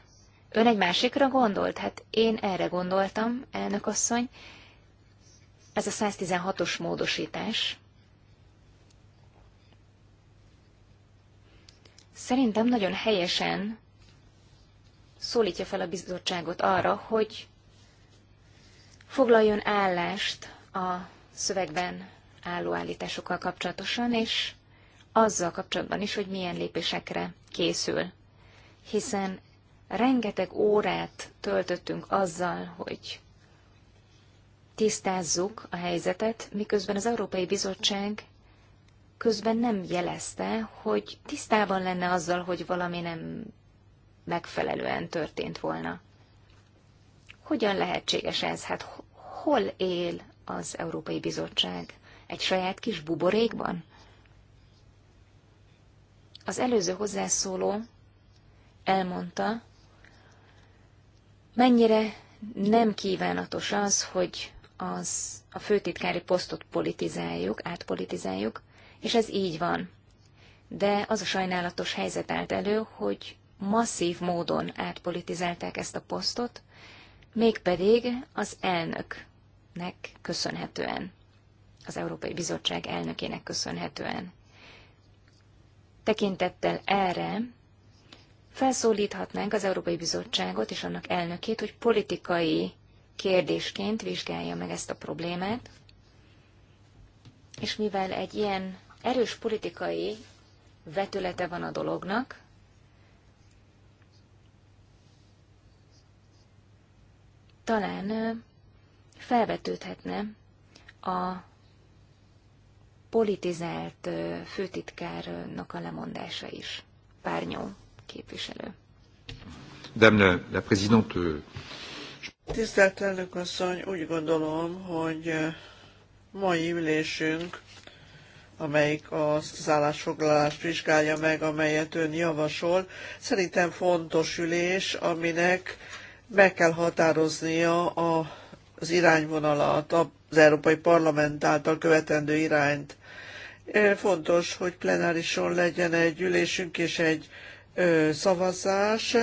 Ön egy másikra gondolt? Hát én erre gondoltam, elnök asszony. Ez a 116-os módosítás. Szerintem nagyon helyesen szólítja fel a bizottságot arra, hogy foglaljon állást a szövegben álló állításokkal kapcsolatosan, és azzal kapcsolatban is, hogy milyen lépésekre készül. Hiszen rengeteg órát töltöttünk azzal, hogy tisztázzuk a helyzetet, miközben az Európai Bizottság közben nem jelezte, hogy tisztában lenne azzal, hogy valami nem megfelelően történt volna. Hogyan lehetséges ez? Hát hol él az Európai Bizottság? Egy saját kis buborékban? Az előző hozzászóló elmondta, mennyire nem kívánatos az, hogy az, a főtitkári posztot politizáljuk, átpolitizáljuk, és ez így van. De az a sajnálatos helyzet állt elő, hogy masszív módon átpolitizálták ezt a posztot, mégpedig az elnöknek köszönhetően, az Európai Bizottság elnökének köszönhetően. Tekintettel erre felszólíthatnánk az Európai Bizottságot és annak elnökét, hogy politikai kérdésként vizsgálja meg ezt a problémát, és mivel egy ilyen erős politikai vetülete van a dolognak, talán felvetődhetne a politizált főtitkárnak a lemondása is. Párnyó képviselő. Demne, la présidente. Euh, Tisztelt elnök asszony, úgy gondolom, hogy eh, mai ülésünk, amelyik az állásfoglalást vizsgálja meg, amelyet ön javasol, szerintem fontos ülés, aminek meg kell határoznia a, az irányvonalat, az Európai Parlament által követendő irányt. Eh, fontos, hogy plenárison legyen egy ülésünk és egy szavazás,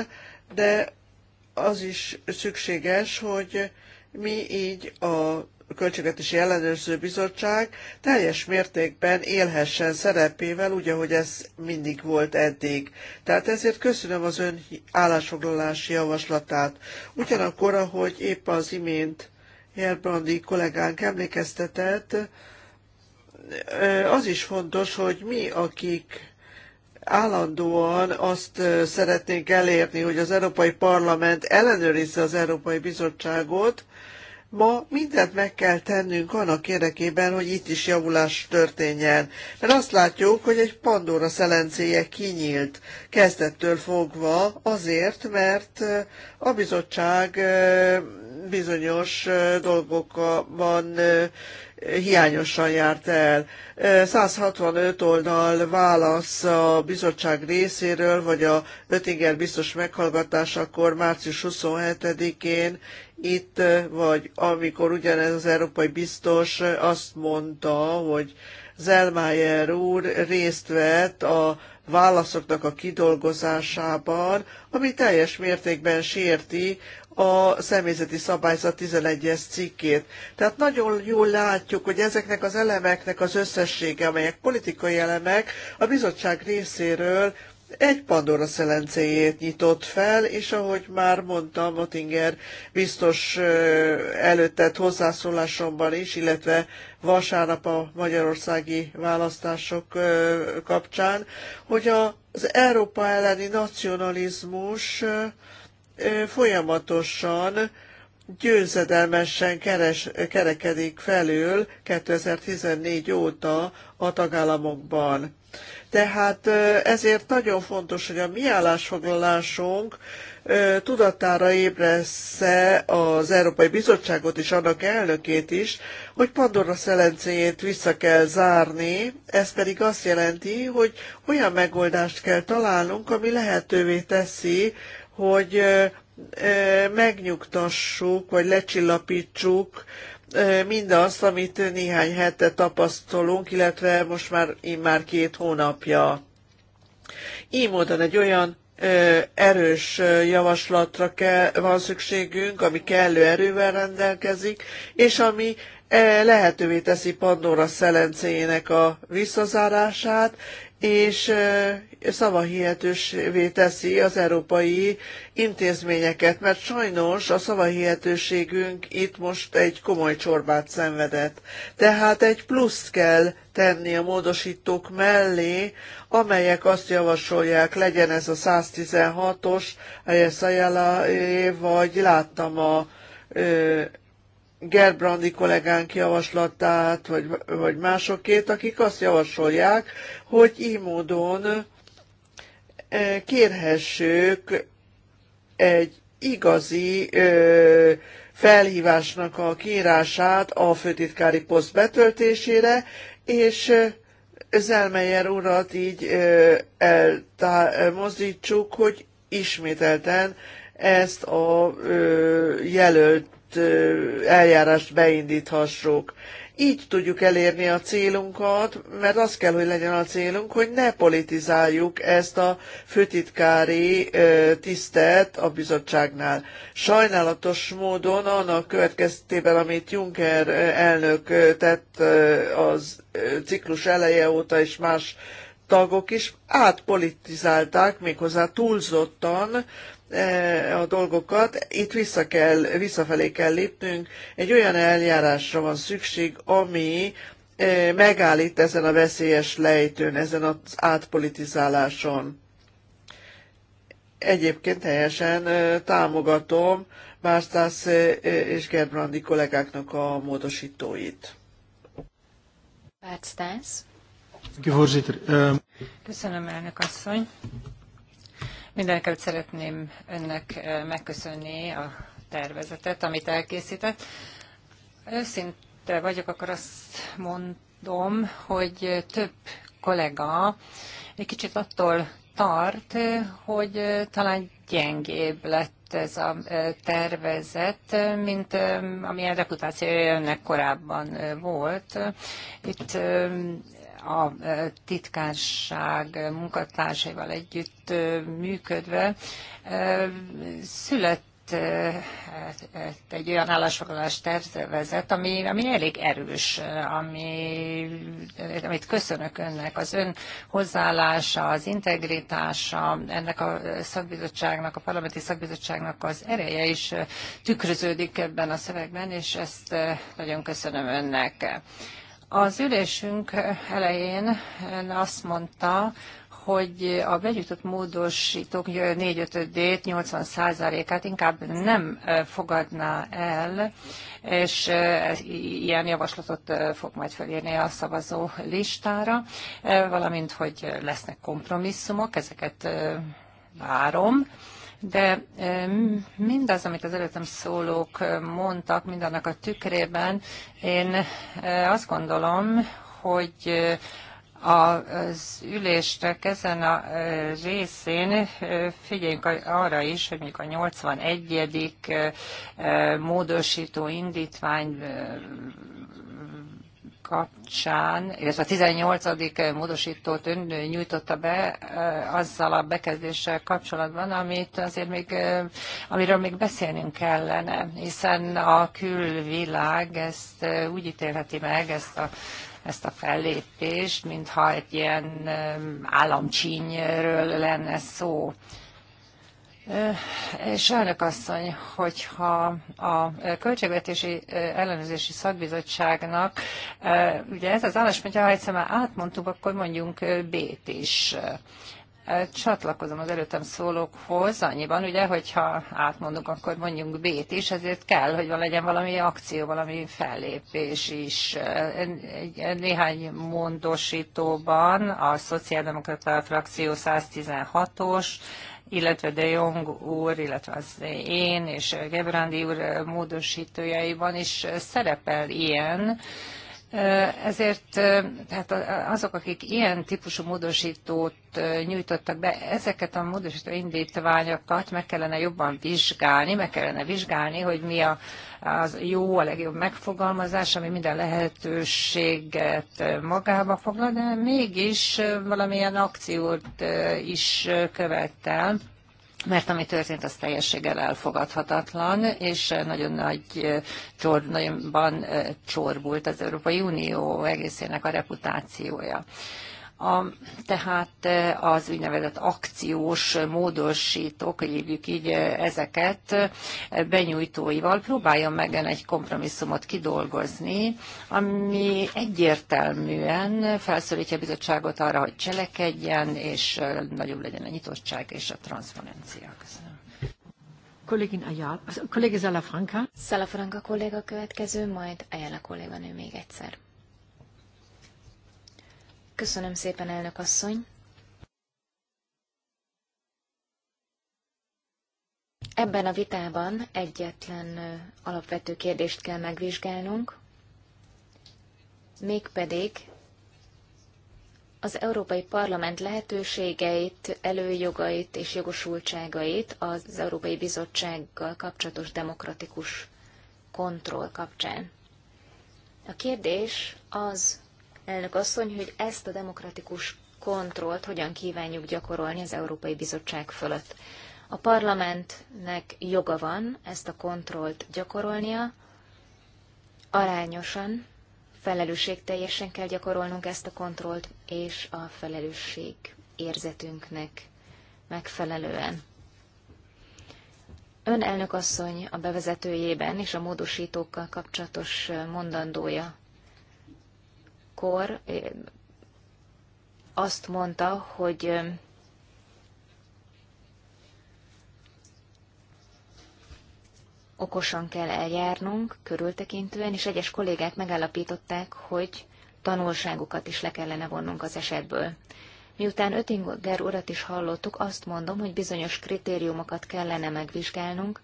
de az is szükséges, hogy mi így a Költségvetési Ellenőrző Bizottság teljes mértékben élhessen szerepével, úgy, ahogy ez mindig volt eddig. Tehát ezért köszönöm az ön állásfoglalási javaslatát. Ugyanakkor, ahogy épp az imént Herbrandi kollégánk emlékeztetett, az is fontos, hogy mi, akik állandóan azt szeretnénk elérni, hogy az Európai Parlament ellenőrizze az Európai Bizottságot, Ma mindent meg kell tennünk annak érdekében, hogy itt is javulás történjen. Mert azt látjuk, hogy egy Pandora szelencéje kinyílt kezdettől fogva azért, mert a bizottság bizonyos dolgokban hiányosan járt el. 165 oldal válasz a bizottság részéről, vagy a Ötinger biztos meghallgatásakor március 27-én itt, vagy amikor ugyanez az európai biztos azt mondta, hogy Zelmayer úr részt vett a válaszoknak a kidolgozásában, ami teljes mértékben sérti a személyzeti szabályzat 11-es cikkét. Tehát nagyon jól látjuk, hogy ezeknek az elemeknek az összessége, amelyek politikai elemek, a bizottság részéről egy Pandora szelencéjét nyitott fel, és ahogy már mondtam, Ottinger biztos előttet hozzászólásomban is, illetve vasárnap a magyarországi választások kapcsán, hogy az Európa elleni nacionalizmus folyamatosan győzedelmesen keres, kerekedik felül 2014 óta a tagállamokban tehát ezért nagyon fontos, hogy a mi állásfoglalásunk tudatára ébresze az Európai Bizottságot és annak elnökét is, hogy Pandora szelencéjét vissza kell zárni, ez pedig azt jelenti, hogy olyan megoldást kell találnunk, ami lehetővé teszi, hogy megnyugtassuk, vagy lecsillapítsuk mindazt, amit néhány hete tapasztalunk, illetve most már már két hónapja. Így módon egy olyan erős javaslatra kell, van szükségünk, ami kellő erővel rendelkezik, és ami lehetővé teszi Pandora szelencéjének a visszazárását, és szavahihetősvé teszi az európai intézményeket, mert sajnos a szavahihetőségünk itt most egy komoly csorbát szenvedett. Tehát egy pluszt kell tenni a módosítók mellé, amelyek azt javasolják, legyen ez a 116-os, Jeszajala, vagy láttam a Gerbrandi kollégánk javaslatát, vagy, vagy másokét, akik azt javasolják, hogy így módon e, kérhessük egy igazi ö, e, felhívásnak a kírását a főtitkári poszt betöltésére, és e, Zelmeyer urat így elmozdítsuk, hogy ismételten ezt a ö, jelölt eljárást beindíthassuk. Így tudjuk elérni a célunkat, mert az kell, hogy legyen a célunk, hogy ne politizáljuk ezt a főtitkári tisztet a bizottságnál. Sajnálatos módon annak következtében, amit Juncker elnök tett az ciklus eleje óta és más tagok is átpolitizálták méghozzá túlzottan E, a dolgokat, itt vissza kell, visszafelé kell lépnünk. Egy olyan eljárásra van szükség, ami e, megállít ezen a veszélyes lejtőn, ezen az átpolitizáláson. Egyébként teljesen e, támogatom Bárztász és Gerbrandi kollégáknak a módosítóit. Bártász. Ehm, Köszönöm, elnök asszony. Mindenekelőtt szeretném önnek megköszönni a tervezetet, amit elkészített. Őszinte vagyok, akkor azt mondom, hogy több kollega egy kicsit attól tart, hogy talán gyengébb lett ez a tervezet, mint amilyen reputációja önnek korábban volt. Itt a titkárság munkatársaival együtt működve született egy olyan állásfoglalás tervezet, ami, ami elég erős, ami, amit köszönök önnek, az ön hozzáállása, az integritása, ennek a szakbizottságnak, a parlamenti szakbizottságnak az ereje is tükröződik ebben a szövegben, és ezt nagyon köszönöm önnek. Az ülésünk elején azt mondta, hogy a begyűjtött módosítók 4-5-ét, 80%-át inkább nem fogadná el, és ilyen javaslatot fog majd felírni a szavazó listára, valamint, hogy lesznek kompromisszumok, ezeket várom de eh, mindaz, amit az előttem szólók eh, mondtak, mindannak a tükrében, én eh, azt gondolom, hogy az ülést ezen a részén figyeljünk arra is, hogy mondjuk a 81. módosító indítvány kapcsán, illetve a 18. módosítót ön nyújtotta be azzal a bekezdéssel kapcsolatban, amit azért még, amiről még beszélnünk kellene, hiszen a külvilág ezt úgy ítélheti meg, ezt a ezt a fellépést, mintha egy ilyen államcsínyről lenne szó. És elnök asszony, hogyha a Költségvetési Ellenőrzési Szakbizottságnak, ugye ez az álláspontja, ha egyszer már átmondtuk, akkor mondjunk B-t is. Csatlakozom az előttem szólókhoz, annyiban ugye, hogyha átmondunk, akkor mondjunk B-t is, ezért kell, hogy legyen valami akció, valami fellépés is. Néhány mondosítóban a Szociáldemokrata frakció 116-os, illetve De Jong úr, illetve az én és Gebrandi úr módosítójaiban is szerepel ilyen, ezért tehát azok, akik ilyen típusú módosítót nyújtottak be, ezeket a módosító indítványokat meg kellene jobban vizsgálni, meg kellene vizsgálni, hogy mi a, az jó, a legjobb megfogalmazás, ami minden lehetőséget magába foglal, de mégis valamilyen akciót is követel mert ami történt, az teljességgel elfogadhatatlan, és nagyon nagy csor, nagyonban csorbult az Európai Unió egészének a reputációja. A, tehát e, az úgynevezett akciós módosítók, hogy hívjuk így e, ezeket, e, benyújtóival próbáljon meg egy kompromisszumot kidolgozni, ami egyértelműen felszólítja a bizottságot arra, hogy cselekedjen, és nagyobb legyen a nyitottság és a transzparencia. Kollégin Ayala, kollégi Zala Zalafranca kolléga következő, majd Ayala kolléganő még egyszer. Köszönöm szépen, elnök asszony. Ebben a vitában egyetlen alapvető kérdést kell megvizsgálnunk, mégpedig az Európai Parlament lehetőségeit, előjogait és jogosultságait az Európai Bizottsággal kapcsolatos demokratikus kontroll kapcsán. A kérdés az, elnök asszony, hogy ezt a demokratikus kontrollt hogyan kívánjuk gyakorolni az Európai Bizottság fölött. A parlamentnek joga van ezt a kontrollt gyakorolnia, arányosan, felelősségteljesen kell gyakorolnunk ezt a kontrollt, és a felelősség érzetünknek megfelelően. Ön elnök asszony a bevezetőjében és a módosítókkal kapcsolatos mondandója akkor azt mondta, hogy okosan kell eljárnunk, körültekintően, és egyes kollégák megállapították, hogy tanulságokat is le kellene vonnunk az esetből. Miután Öttinger urat is hallottuk, azt mondom, hogy bizonyos kritériumokat kellene megvizsgálnunk.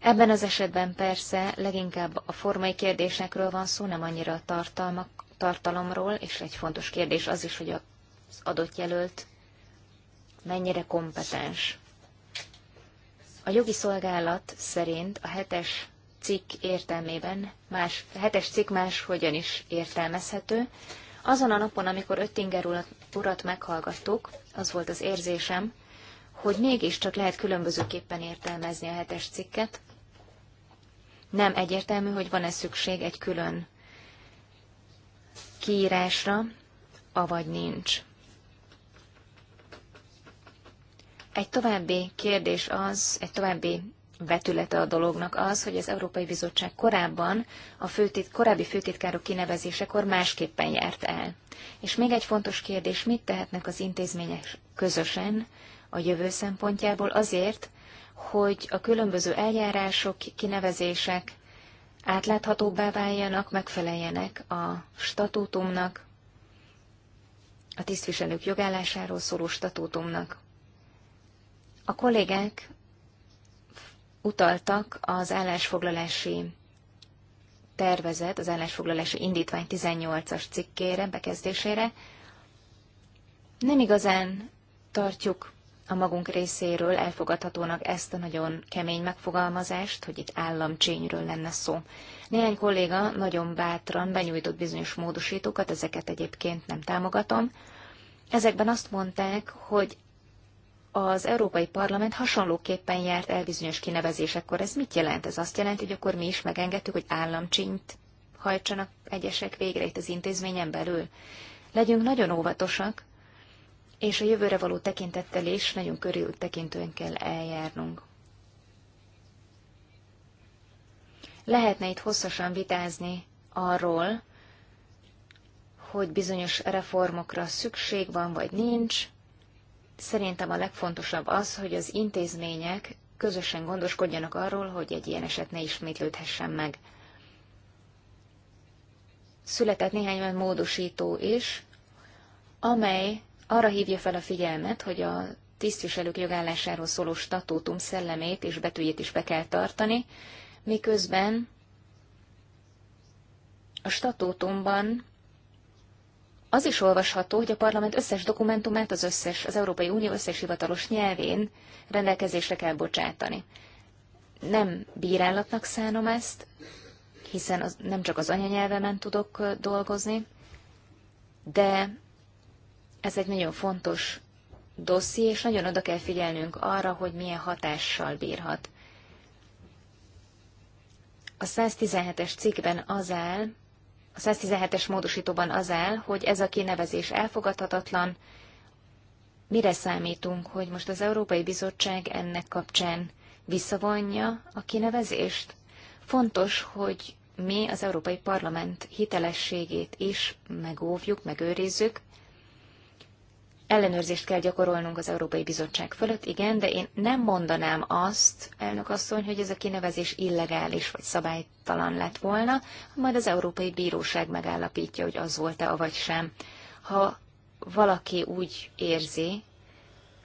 Ebben az esetben persze leginkább a formai kérdésekről van szó, nem annyira a tartalmak tartalomról, és egy fontos kérdés az is, hogy az adott jelölt mennyire kompetens. A jogi szolgálat szerint a hetes cikk értelmében más, a hetes cikk máshogyan is értelmezhető. Azon a napon, amikor Öttinger urat meghallgattuk, az volt az érzésem, hogy mégiscsak lehet különbözőképpen értelmezni a hetes cikket. Nem egyértelmű, hogy van-e szükség egy külön kiírásra, avagy nincs. Egy további kérdés az, egy további vetülete a dolognak az, hogy az Európai Bizottság korábban a főtit, korábbi főtitkárok kinevezésekor másképpen járt el. És még egy fontos kérdés, mit tehetnek az intézmények közösen a jövő szempontjából azért, hogy a különböző eljárások, kinevezések átláthatóbbá váljanak, megfeleljenek a statútumnak, a tisztviselők jogállásáról szóló statútumnak. A kollégák utaltak az állásfoglalási tervezet, az állásfoglalási indítvány 18-as cikkére, bekezdésére. Nem igazán tartjuk a magunk részéről elfogadhatónak ezt a nagyon kemény megfogalmazást, hogy itt államcsényről lenne szó. Néhány kolléga nagyon bátran benyújtott bizonyos módosítókat, ezeket egyébként nem támogatom. Ezekben azt mondták, hogy az Európai Parlament hasonlóképpen járt el bizonyos kinevezésekkor. Ez mit jelent? Ez azt jelenti, hogy akkor mi is megengedtük, hogy államcsínyt hajtsanak egyesek végre itt az intézményen belül. Legyünk nagyon óvatosak, és a jövőre való tekintettel is nagyon körültekintően kell eljárnunk. Lehetne itt hosszasan vitázni arról, hogy bizonyos reformokra szükség van vagy nincs. Szerintem a legfontosabb az, hogy az intézmények közösen gondoskodjanak arról, hogy egy ilyen eset ne ismétlődhessen meg. Született néhány olyan módosító is, amely arra hívja fel a figyelmet, hogy a tisztviselők jogállásáról szóló statútum szellemét és betűjét is be kell tartani, miközben a statútumban az is olvasható, hogy a parlament összes dokumentumát az összes, az Európai Unió összes hivatalos nyelvén rendelkezésre kell bocsátani. Nem bírálatnak szánom ezt, hiszen az, nem csak az anyanyelvemen tudok dolgozni, de ez egy nagyon fontos dosszi, és nagyon oda kell figyelnünk arra, hogy milyen hatással bírhat. A 117-es cikkben az áll, a 117-es módosítóban az áll, hogy ez a kinevezés elfogadhatatlan. Mire számítunk, hogy most az Európai Bizottság ennek kapcsán visszavonja a kinevezést? Fontos, hogy mi az Európai Parlament hitelességét is megóvjuk, megőrizzük, ellenőrzést kell gyakorolnunk az Európai Bizottság fölött, igen, de én nem mondanám azt, elnök asszony, hogy ez a kinevezés illegális vagy szabálytalan lett volna, majd az Európai Bíróság megállapítja, hogy az volt-e, vagy sem. Ha valaki úgy érzi,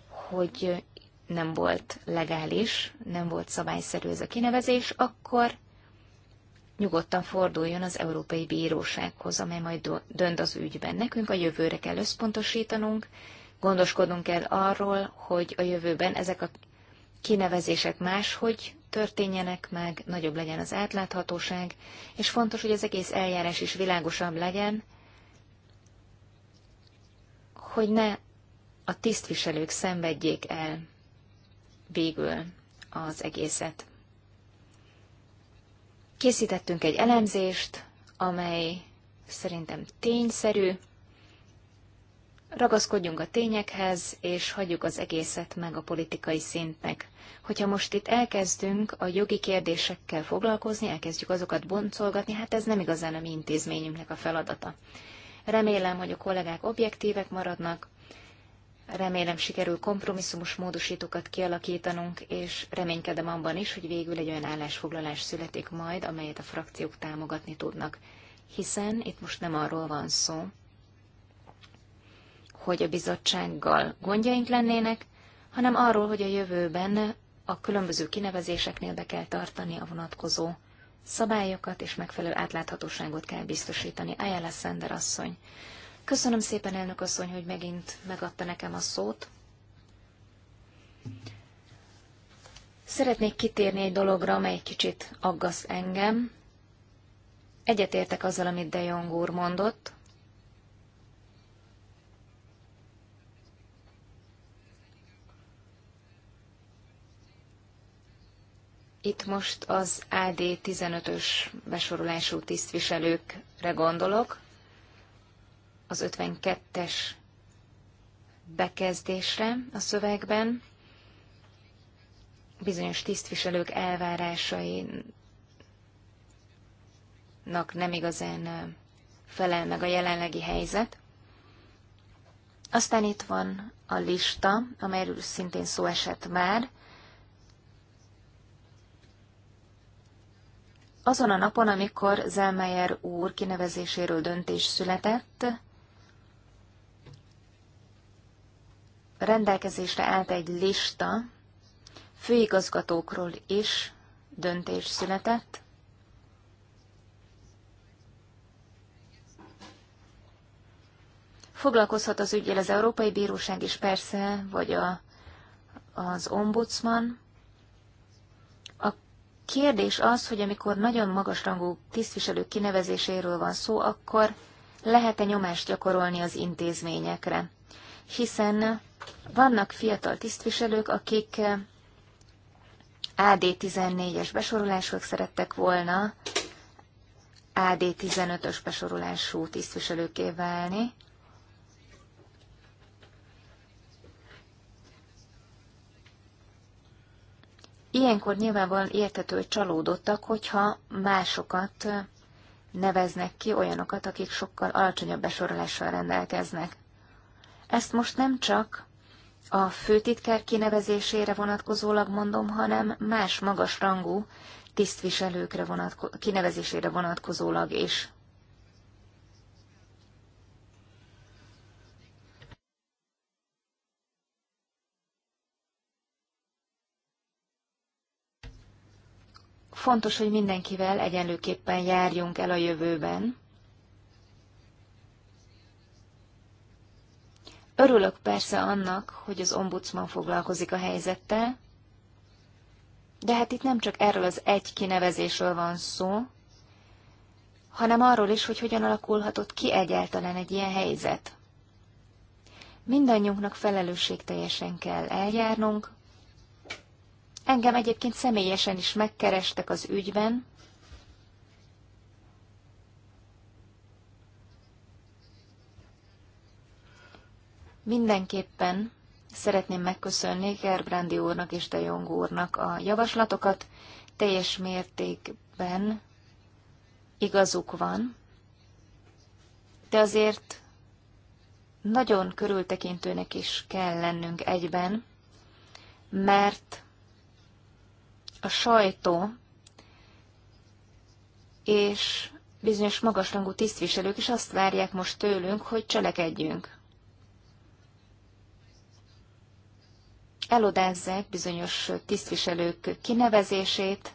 hogy nem volt legális, nem volt szabályszerű ez a kinevezés, akkor nyugodtan forduljon az Európai Bírósághoz, amely majd dönt az ügyben. Nekünk a jövőre kell összpontosítanunk, gondoskodnunk kell arról, hogy a jövőben ezek a kinevezések máshogy történjenek meg, nagyobb legyen az átláthatóság, és fontos, hogy az egész eljárás is világosabb legyen, hogy ne a tisztviselők szenvedjék el végül az egészet. Készítettünk egy elemzést, amely szerintem tényszerű. Ragaszkodjunk a tényekhez, és hagyjuk az egészet meg a politikai szintnek. Hogyha most itt elkezdünk a jogi kérdésekkel foglalkozni, elkezdjük azokat boncolgatni, hát ez nem igazán a mi intézményünknek a feladata. Remélem, hogy a kollégák objektívek maradnak, Remélem sikerül kompromisszumos módosítókat kialakítanunk, és reménykedem abban is, hogy végül egy olyan állásfoglalás születik majd, amelyet a frakciók támogatni tudnak. Hiszen itt most nem arról van szó, hogy a bizottsággal gondjaink lennének, hanem arról, hogy a jövőben a különböző kinevezéseknél be kell tartani a vonatkozó szabályokat, és megfelelő átláthatóságot kell biztosítani. Ayala Sender asszony. Köszönöm szépen, elnök asszony, hogy megint megadta nekem a szót. Szeretnék kitérni egy dologra, amely kicsit aggaszt engem. Egyetértek azzal, amit De Jong úr mondott. Itt most az AD 15-ös besorolású tisztviselőkre gondolok, az 52-es bekezdésre a szövegben, bizonyos tisztviselők elvárásainak nem igazán felel meg a jelenlegi helyzet. Aztán itt van a lista, amelyről szintén szó esett már. Azon a napon, amikor Zelmeyer úr kinevezéséről döntés született, rendelkezésre állt egy lista főigazgatókról is döntés született. Foglalkozhat az ügyel az Európai Bíróság is persze, vagy a, az ombudsman. A kérdés az, hogy amikor nagyon magasrangú tisztviselők kinevezéséről van szó, akkor lehet-e nyomást gyakorolni az intézményekre? Hiszen vannak fiatal tisztviselők, akik eh, AD14-es besorolások szerettek volna AD15-ös besorolású tisztviselőké válni. Ilyenkor nyilvánvalóan értető, hogy csalódottak, hogyha másokat eh, neveznek ki olyanokat, akik sokkal alacsonyabb besorolással rendelkeznek. Ezt most nem csak a főtitkár kinevezésére vonatkozólag mondom, hanem más magas rangú tisztviselőkre vonatko- kinevezésére vonatkozólag is. Fontos, hogy mindenkivel egyenlőképpen járjunk el a jövőben, Örülök persze annak, hogy az ombudsman foglalkozik a helyzettel, de hát itt nem csak erről az egy kinevezésről van szó, hanem arról is, hogy hogyan alakulhatott ki egyáltalán egy ilyen helyzet. Mindannyiunknak teljesen kell eljárnunk. Engem egyébként személyesen is megkerestek az ügyben, Mindenképpen szeretném megköszönni Gerbrandi úrnak és De Jong úrnak a javaslatokat. Teljes mértékben igazuk van, de azért nagyon körültekintőnek is kell lennünk egyben, mert a sajtó és bizonyos magasrangú tisztviselők is azt várják most tőlünk, hogy cselekedjünk. elodázzák bizonyos tisztviselők kinevezését,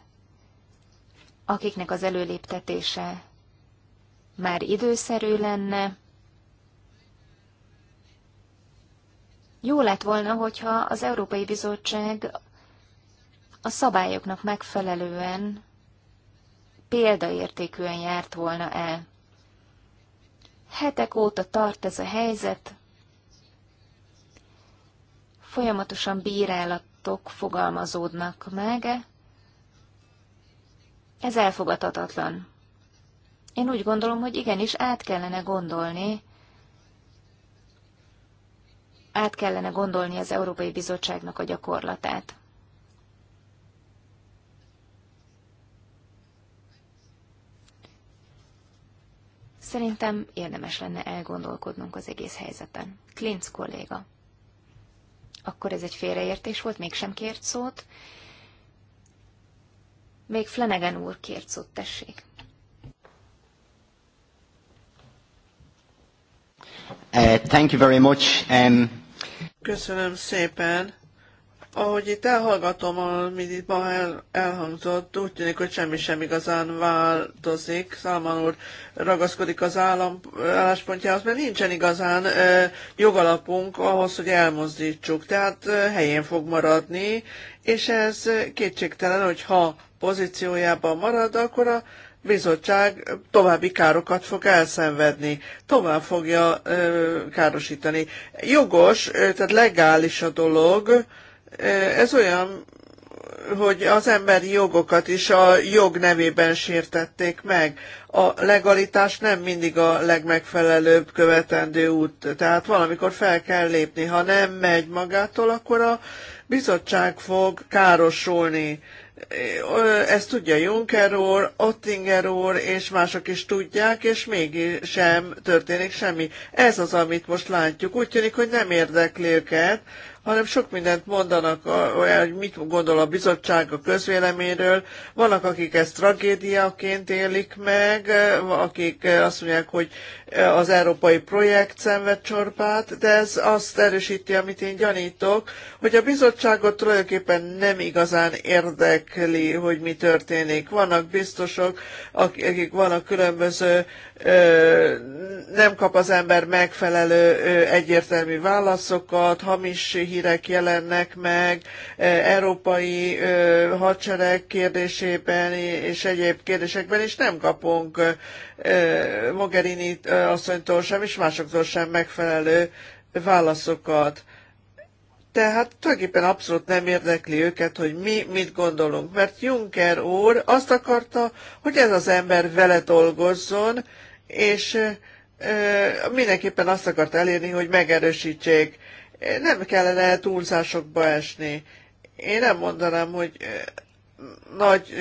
akiknek az előléptetése már időszerű lenne. Jó lett volna, hogyha az Európai Bizottság a szabályoknak megfelelően példaértékűen járt volna el. Hetek óta tart ez a helyzet, Folyamatosan bírálatok fogalmazódnak meg, ez elfogadhatatlan. Én úgy gondolom, hogy igenis át kellene gondolni, át kellene gondolni az Európai Bizottságnak a gyakorlatát. Szerintem érdemes lenne elgondolkodnunk az egész helyzeten. Klinc kolléga akkor ez egy félreértés volt, mégsem kért szót. Még Flanagan úr kért szót, tessék. Uh, thank you very much. Um... Köszönöm szépen. Ahogy itt elhallgatom, amit itt ma el, elhangzott, úgy tűnik, hogy semmi sem igazán változik. Szalman úr ragaszkodik az állam álláspontjához, mert nincsen igazán ö, jogalapunk ahhoz, hogy elmozdítsuk. Tehát ö, helyén fog maradni, és ez kétségtelen, hogy ha pozíciójában marad, akkor a bizottság további károkat fog elszenvedni, tovább fogja ö, károsítani. Jogos, ö, tehát legális a dolog, ez olyan, hogy az emberi jogokat is a jog nevében sértették meg. A legalitás nem mindig a legmegfelelőbb követendő út, tehát valamikor fel kell lépni. Ha nem megy magától, akkor a bizottság fog károsulni. Ezt tudja Juncker úr, Ottinger úr, és mások is tudják, és mégis sem történik semmi. Ez az, amit most látjuk. Úgy tűnik, hogy nem érdekli őket, hanem sok mindent mondanak, hogy mit gondol a bizottság a közvéleményről. Vannak, akik ezt tragédiaként élik meg, akik azt mondják, hogy az európai projekt szenved csorpát, de ez azt erősíti, amit én gyanítok, hogy a bizottságot tulajdonképpen nem igazán érdekli, hogy mi történik. Vannak biztosok, akik vannak különböző, nem kap az ember megfelelő egyértelmű válaszokat, hamis hírek jelennek meg e, európai hadsereg kérdésében és egyéb kérdésekben, és nem kapunk Mogherini asszonytól sem, és másoktól sem megfelelő válaszokat. Tehát tulajdonképpen abszolút nem érdekli őket, hogy mi mit gondolunk, mert Juncker úr azt akarta, hogy ez az ember vele dolgozzon, és ö, mindenképpen azt akart elérni, hogy megerősítsék nem kellene túlzásokba esni. Én nem mondanám, hogy nagy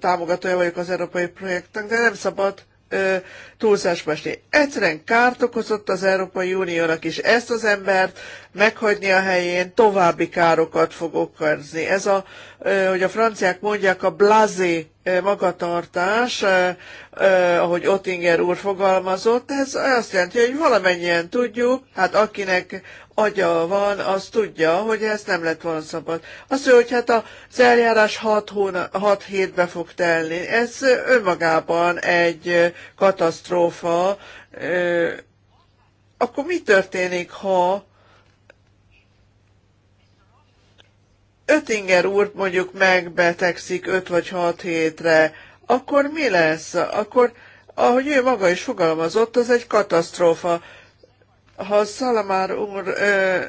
támogatója vagyok az európai projektnek, de nem szabad túlzásba esni. Egyszerűen kárt okozott az Európai Uniónak is. Ezt az embert meghagyni a helyén további károkat fog okozni. Ez a, hogy a franciák mondják, a blazé magatartás, ahogy Ottinger úr fogalmazott, ez azt jelenti, hogy valamennyien tudjuk, hát akinek agya van, az tudja, hogy ez nem lett volna szabad. Azt mondja, hogy hát az eljárás 6, hóna, 6 hétbe fog telni. Ez önmagában egy katasztrófa. Akkor mi történik, ha Ötinger úrt mondjuk megbetegszik öt vagy hat hétre, akkor mi lesz? Akkor, ahogy ő maga is fogalmazott, az egy katasztrófa. Ha Szalamár úr ö,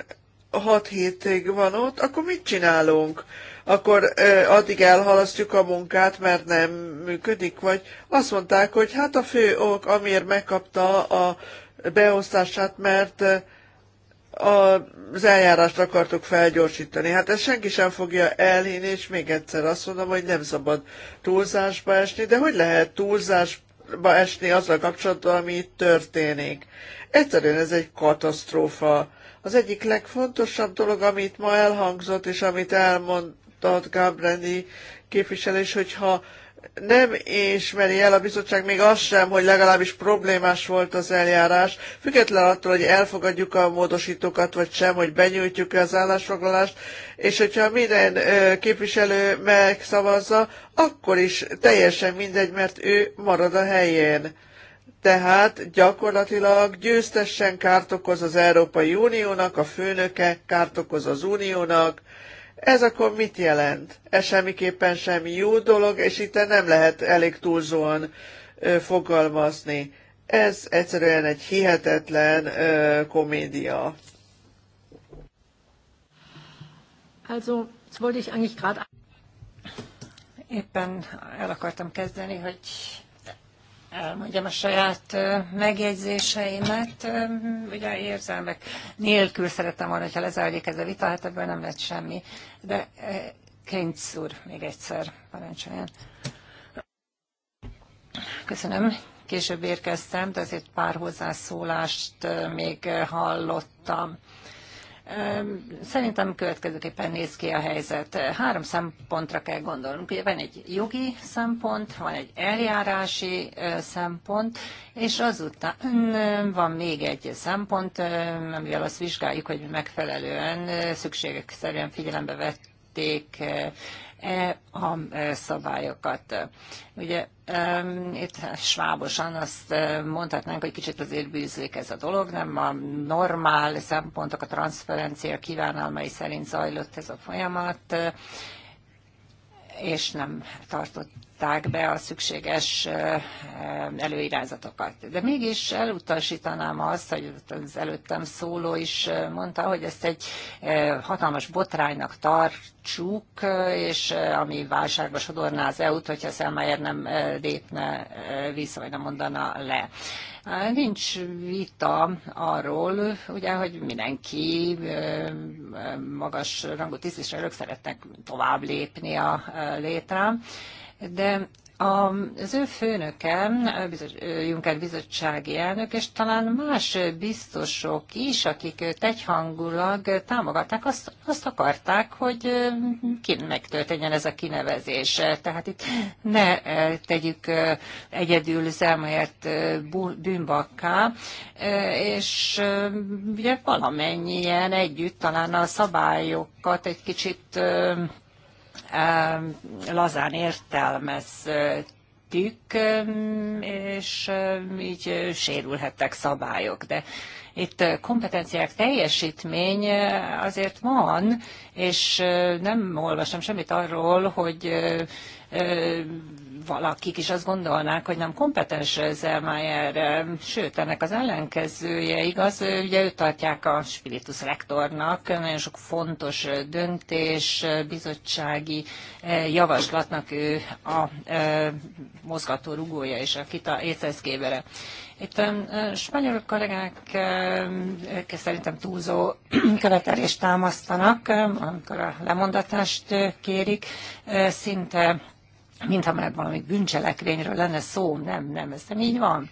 hat hétig van ott, akkor mit csinálunk? Akkor ö, addig elhalasztjuk a munkát, mert nem működik? Vagy azt mondták, hogy hát a fő ok, amiért megkapta a beosztását, mert az eljárást akartok felgyorsítani. Hát ezt senki sem fogja elhinni, és még egyszer azt mondom, hogy nem szabad túlzásba esni, de hogy lehet túlzásba esni azzal kapcsolatban, ami itt történik? Egyszerűen ez egy katasztrófa. Az egyik legfontosabb dolog, amit ma elhangzott, és amit elmondott Gábrendi képviselés, hogyha nem ismeri el a bizottság még az sem, hogy legalábbis problémás volt az eljárás, független attól, hogy elfogadjuk a módosítókat, vagy sem, hogy benyújtjuk -e az állásfoglalást, és hogyha minden képviselő megszavazza, akkor is teljesen mindegy, mert ő marad a helyén. Tehát gyakorlatilag győztessen kárt okoz az Európai Uniónak, a főnöke kárt okoz az Uniónak, ez akkor mit jelent? Ez semmiképpen semmi jó dolog, és itt nem lehet elég túlzóan fogalmazni. Ez egyszerűen egy hihetetlen ö, komédia. Also, wollte ich eigentlich gerade... Éppen el akartam kezdeni, hogy elmondjam a saját megjegyzéseimet. Ugye érzelmek nélkül szerettem volna, hogyha lezárjék ez a vita, hát ebből nem lett semmi. De Klinc úr, még egyszer parancsoljon. Köszönöm. Később érkeztem, de azért pár hozzászólást még hallottam. Szerintem következőképpen néz ki a helyzet. Három szempontra kell gondolnunk. Ugye van egy jogi szempont, van egy eljárási szempont, és azután van még egy szempont, amivel azt vizsgáljuk, hogy megfelelően szükségek szerint figyelembe vették E, a e, szabályokat. Ugye e, itt svábosan azt mondhatnánk, hogy kicsit azért bűzlik ez a dolog, nem a normál szempontok, a transzferencia kívánalmai szerint zajlott ez a folyamat, és nem tartották be a szükséges előirázatokat. De mégis elutasítanám azt, hogy az előttem szóló is mondta, hogy ezt egy hatalmas botránynak tartsuk, és ami válságba sodorná az EU-t, hogyha Szelmájer nem lépne vissza, vagy nem mondana le. Nincs vita arról, ugye, hogy mindenki magas rangú tisztviselők szeretnek tovább lépni a létrán, de az ő főnöke, Juncker bizottsági elnök, és talán más biztosok is, akik őt egyhangulag támogatták, azt, azt akarták, hogy ki megtörténjen ez a kinevezés. Tehát itt ne tegyük egyedül Zelmaért bűnbakká, és ugye valamennyien együtt talán a szabályokat egy kicsit lazán értelmeztük, és így sérülhettek szabályok. De itt kompetenciák teljesítmény eh, azért van, és eh, nem olvastam semmit arról, hogy eh, valakik is azt gondolnák, hogy nem kompetens Zellmeyer, sőt, ennek az ellenkezője igaz, ugye őt tartják a spiritus rektornak, nagyon sok fontos döntés, bizottsági eh, javaslatnak ő a eh, mozgató rugója és a kita észeszkébere. Itt a eh, spanyol kollégák szerintem túlzó követelést támasztanak, amikor a lemondatást kérik. Szinte mintha már valami bűncselekvényről lenne szó, nem, nem, ez nem így van.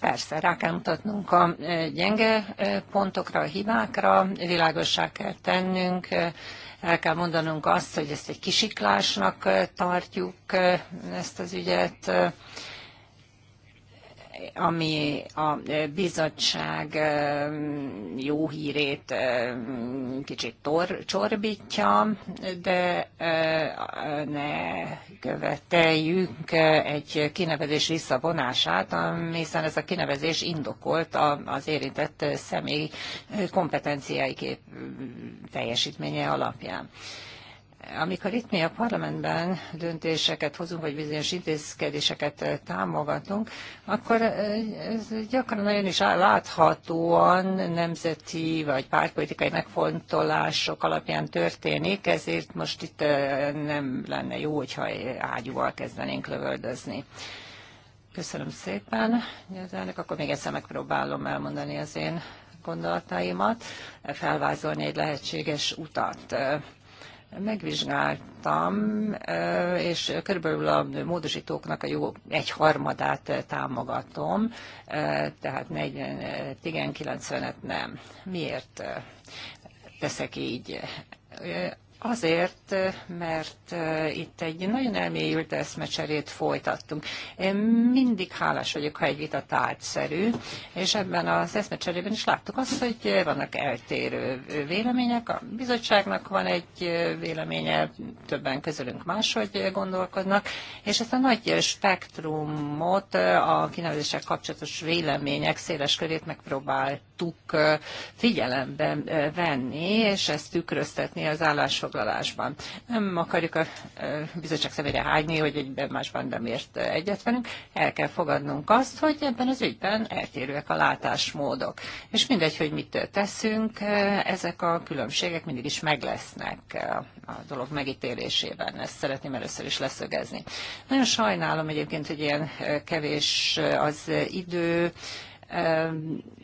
Persze, rá kell mutatnunk a e, gyenge e, pontokra, a hibákra, világossá kell tennünk, e, el kell mondanunk azt, hogy ezt egy kisiklásnak tartjuk, ezt az ügyet, ami a bizottság jó hírét kicsit tor, csorbítja, de ne követeljük egy kinevezés visszavonását, hiszen ez a kinevezés indokolt az érintett személy kompetenciái kép teljesítménye alapján amikor itt mi a parlamentben döntéseket hozunk, vagy bizonyos intézkedéseket eh, támogatunk, akkor eh, gyakran nagyon is láthatóan nemzeti vagy pártpolitikai megfontolások alapján történik, ezért most itt eh, nem lenne jó, hogyha ágyúval kezdenénk lövöldözni. Köszönöm szépen. Nyilvánok, akkor még egyszer megpróbálom elmondani az én gondolataimat, felvázolni egy lehetséges utat megvizsgáltam, és körülbelül a módosítóknak a jó egyharmadát támogatom, tehát 40, igen, 90-et nem. Miért teszek így? Azért, mert itt egy nagyon elmélyült eszmecserét folytattunk. Én mindig hálás vagyok, ha egy vita tárgyszerű, és ebben az eszmecserében is láttuk azt, hogy vannak eltérő vélemények. A bizottságnak van egy véleménye, többen közülünk máshogy gondolkodnak, és ezt a nagy spektrumot, a kinevezések kapcsolatos vélemények széles körét megpróbáltuk figyelembe venni, és ezt tükröztetni az állások összefoglalásban. Nem akarjuk a bizottság szemére hágyni, hogy egyben másban nem ért egyet velünk. El kell fogadnunk azt, hogy ebben az ügyben eltérőek a látásmódok. És mindegy, hogy mit teszünk, ezek a különbségek mindig is meglesznek a dolog megítélésében. Ezt szeretném először is leszögezni. Nagyon sajnálom egyébként, hogy ilyen kevés az idő,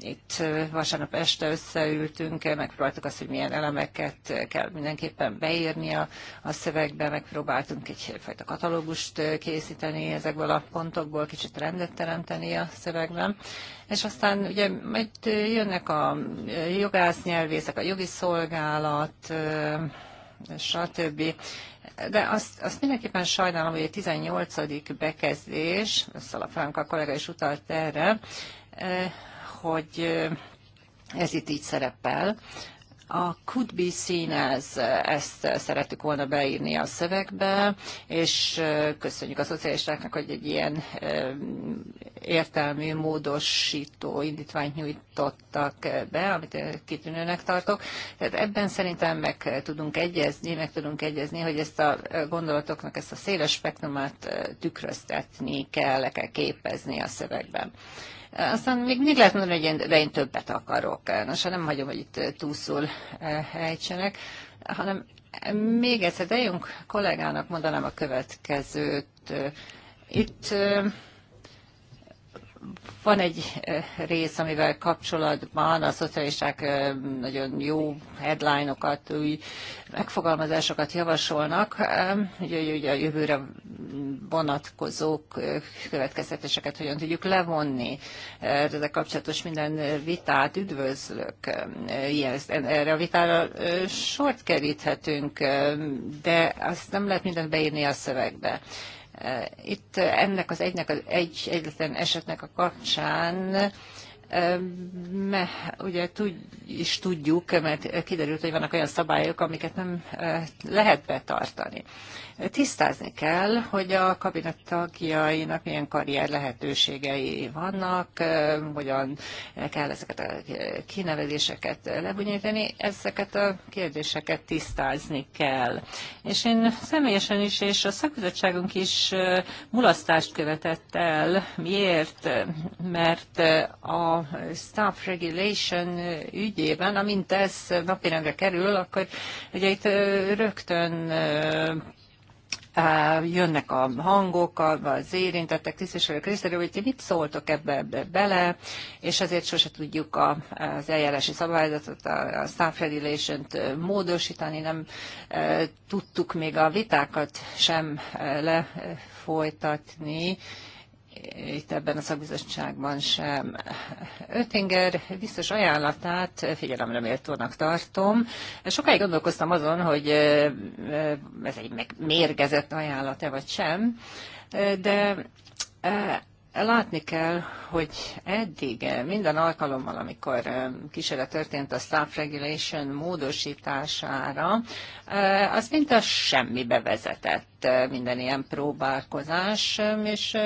itt vasárnap este összeültünk, megpróbáltuk azt, hogy milyen elemeket kell mindenképpen beírni a, a szövegbe, megpróbáltunk egyfajta katalógust készíteni ezekből a pontokból, kicsit rendet teremteni a szövegben. És aztán ugye majd jönnek a jogásznyelvészek, a jogi szolgálat, stb. De azt, azt mindenképpen sajnálom, hogy a 18. bekezdés, Franka kollega is utalt erre, hogy ez itt így szerepel. A could be seen as, ezt szerettük volna beírni a szövegbe, és köszönjük a szocialistáknak, hogy egy ilyen értelmű, módosító indítványt nyújtottak be, amit kitűnőnek tartok. Tehát ebben szerintem meg tudunk egyezni, meg tudunk egyezni, hogy ezt a gondolatoknak ezt a széles spektrumát tükröztetni kell, le kell képezni a szövegben. Aztán még még lehet mondani, hogy én, de én többet akarok. Nos, ha nem hagyom, hogy itt eh, túlszul helytsenek, eh, hanem még egyszer, de kollégának mondanám a következőt. Itt eh, van egy eh, rész, amivel kapcsolatban a szocialisták eh, nagyon jó headline-okat, új megfogalmazásokat javasolnak, ugye, ugye a jövőre vonatkozó eh, következtetéseket hogyan tudjuk levonni. Ezzel kapcsolatos minden vitát üdvözlök. Ilyen, erre a vitára sort keríthetünk, de azt nem lehet mindent beírni a szövegbe. Itt ennek az egynek, az egy egyetlen esetnek a kapcsán Me, ugye tud, is tudjuk, mert kiderült, hogy vannak olyan szabályok, amiket nem lehet betartani. Tisztázni kell, hogy a kabinet tagjainak milyen karrier lehetőségei vannak, hogyan kell ezeket a kinevezéseket lebonyolítani, ezeket a kérdéseket tisztázni kell. És én személyesen is, és a szakbizottságunk is mulasztást követett el. Miért? Mert a staff regulation ügyében, amint ez napirendre kerül, akkor ugye itt rögtön jönnek a hangok, az érintettek, tisztviselők részéről, hogy mit szóltok ebbe, ebbe bele, és azért sose tudjuk a, az eljárási szabályzatot, a, staff regulation-t módosítani, nem tudtuk még a vitákat sem lefolytatni, itt ebben a szakbizottságban sem. Öttinger biztos ajánlatát figyelemre méltónak tartom. Sokáig gondolkoztam azon, hogy ez egy megmérgezett ajánlat-e vagy sem, de Látni kell, hogy eddig eh, minden alkalommal, amikor eh, kísérlet történt a staff regulation módosítására, eh, az mint a semmibe vezetett minden ilyen próbálkozás, és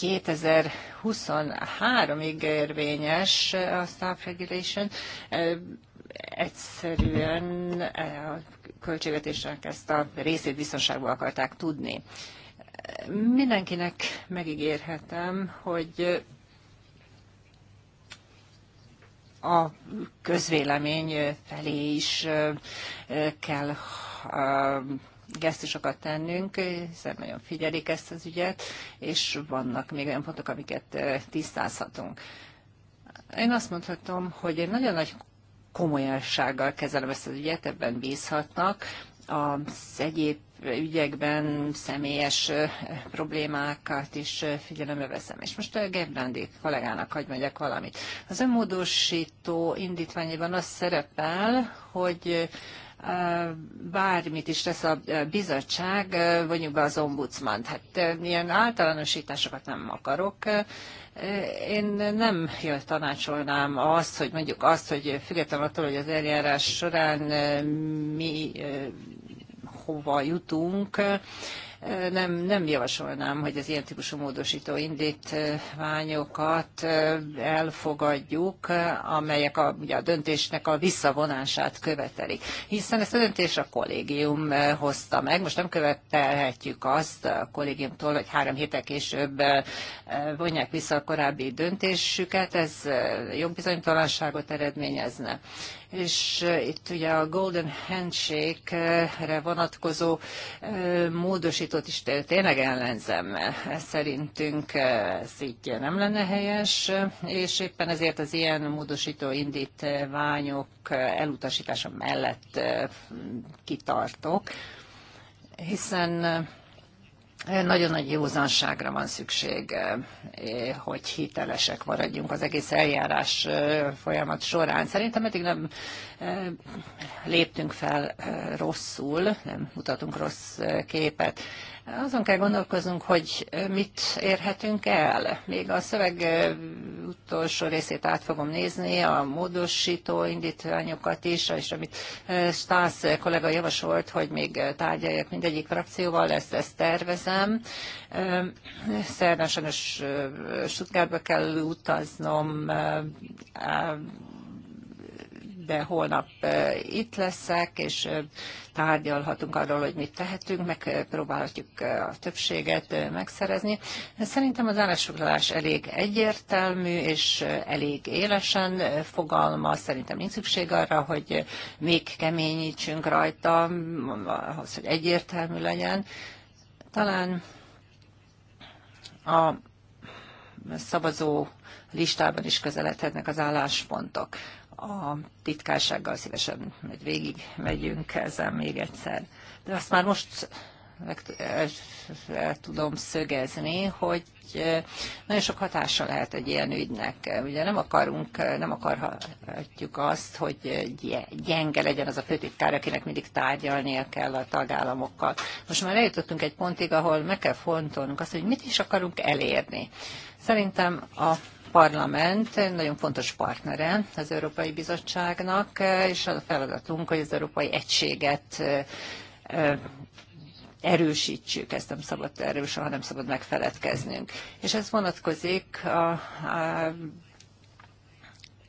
2023-ig érvényes a staff regulation, egyszerűen a költségvetésnek ezt a részét biztonságban akarták tudni. Mindenkinek megígérhetem, hogy a közvélemény felé is kell gesztusokat tennünk, hiszen nagyon figyelik ezt az ügyet, és vannak még olyan pontok, amiket tisztázhatunk. Én azt mondhatom, hogy én nagyon nagy komolyansággal kezelem ezt az ügyet, ebben bízhatnak, az egyéb ügyekben személyes problémákat is figyelembe veszem. És most a Gebrandi kollégának hagyd mondjak valamit. Az önmódosító indítványban az szerepel, hogy bármit is tesz a bizottság, vonjuk be az ombudsman. Hát ilyen általánosításokat nem akarok. Én nem tanácsolnám azt, hogy mondjuk azt, hogy függetlenül attól, hogy az eljárás során mi hova jutunk, nem, nem javasolnám, hogy az ilyen típusú módosító indítványokat eh, elfogadjuk, amelyek a, ugye a döntésnek a visszavonását követelik. Hiszen ezt a döntést a kollégium eh, hozta meg. Most nem követelhetjük azt a kollégiumtól, hogy három héttel később eh, vonják vissza a korábbi döntésüket. Ez jogbizonytalanságot eredményezne és eh, itt ugye a Golden Handshake-re vonatkozó eh, módosítót is tényleg ellenzem. Szerintünk eh, ez így nem lenne helyes, és éppen ezért az ilyen módosító indítványok elutasítása mellett kitartok, hiszen nagyon nagy józanságra van szükség, eh, eh, hogy hitelesek maradjunk az egész eljárás eh, folyamat során. Szerintem eddig nem léptünk fel rosszul, nem mutatunk rossz képet. Azon kell gondolkoznunk, hogy mit érhetünk el. Még a szöveg utolsó részét át fogom nézni, a módosító indítványokat is, és amit Stász kollega javasolt, hogy még tárgyaljak mindegyik frakcióval, ezt, ezt tervezem. Szerdán sajnos Stuttgartba kell utaznom, de holnap itt leszek, és tárgyalhatunk arról, hogy mit tehetünk, megpróbálhatjuk a többséget megszerezni. Szerintem az állásfoglalás elég egyértelmű, és elég élesen fogalmaz. Szerintem nincs szükség arra, hogy még keményítsünk rajta, ahhoz, hogy egyértelmű legyen. Talán a szavazó listában is közeledhetnek az álláspontok a titkársággal szívesen hogy végig megyünk ezen még egyszer. De azt már most meg tudom szögezni, hogy nagyon sok hatása lehet egy ilyen ügynek. Ugye nem akarunk, nem akarhatjuk azt, hogy gyenge legyen az a főtitkár, akinek mindig tárgyalnia kell a tagállamokkal. Most már eljutottunk egy pontig, ahol meg kell fontolnunk azt, hogy mit is akarunk elérni. Szerintem a Parlament nagyon fontos partnere az Európai Bizottságnak, és az a feladatunk, hogy az Európai Egységet erősítsük, ezt nem szabad erősen, hanem szabad megfeledkeznünk. És ez vonatkozik a, a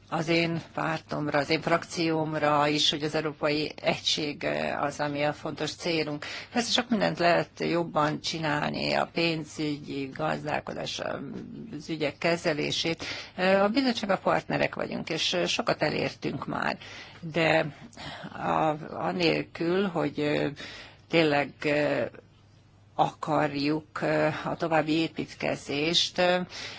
az én pártomra, az én frakciómra is, hogy az európai egység eh, az, ami a fontos célunk. Persze sok mindent lehet jobban csinálni, a pénzügyi gazdálkodás, az ügyek kezelését. Eh, a bizottság a partnerek vagyunk, és eh, sokat elértünk már, de a, anélkül, hogy tényleg akarjuk a további építkezést.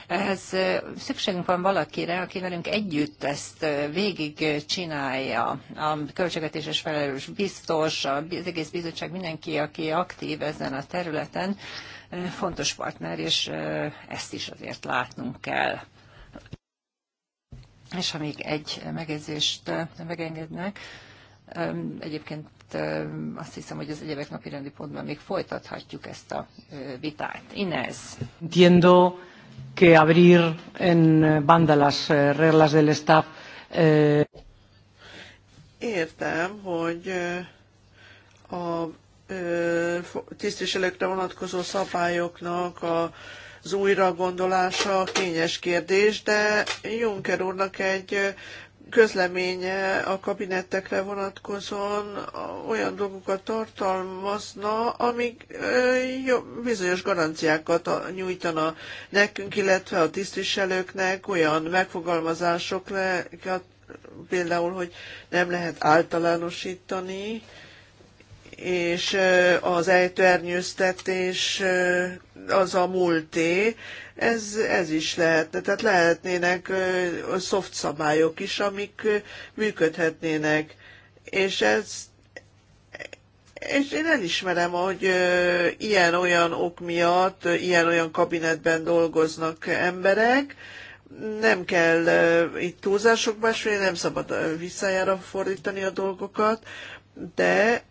Ehhez szükségünk van valakire, aki velünk együtt ezt végig csinálja. A költségvetéses felelős biztos, az egész bizottság, mindenki, aki aktív ezen a területen, fontos partner, és ezt is azért látnunk kell. És ha még egy megjegyzést megengednek, egyébként mert hát, azt hiszem, hogy az egyebek napi rendi pontban még folytathatjuk ezt a vitát. Inez. Entiendo que abrir en banda las eh, reglas del staff. Eh, Értem, hogy a tisztviselőkre vonatkozó szabályoknak a az újra gondolása kényes kérdés, de Juncker úrnak egy közleménye a kabinettekre vonatkozóan olyan dolgokat tartalmazna, amik jó, bizonyos garanciákat nyújtana nekünk, illetve a tisztviselőknek olyan megfogalmazásokat, például, hogy nem lehet általánosítani, és az ejtőernyőztetés az a múlté, ez, ez is lehetne. Tehát lehetnének szoft szabályok is, amik működhetnének. És ez és én elismerem, hogy ilyen-olyan ok miatt, ilyen-olyan kabinetben dolgoznak emberek, nem kell itt túlzásokba esni, nem szabad visszajára fordítani a dolgokat, de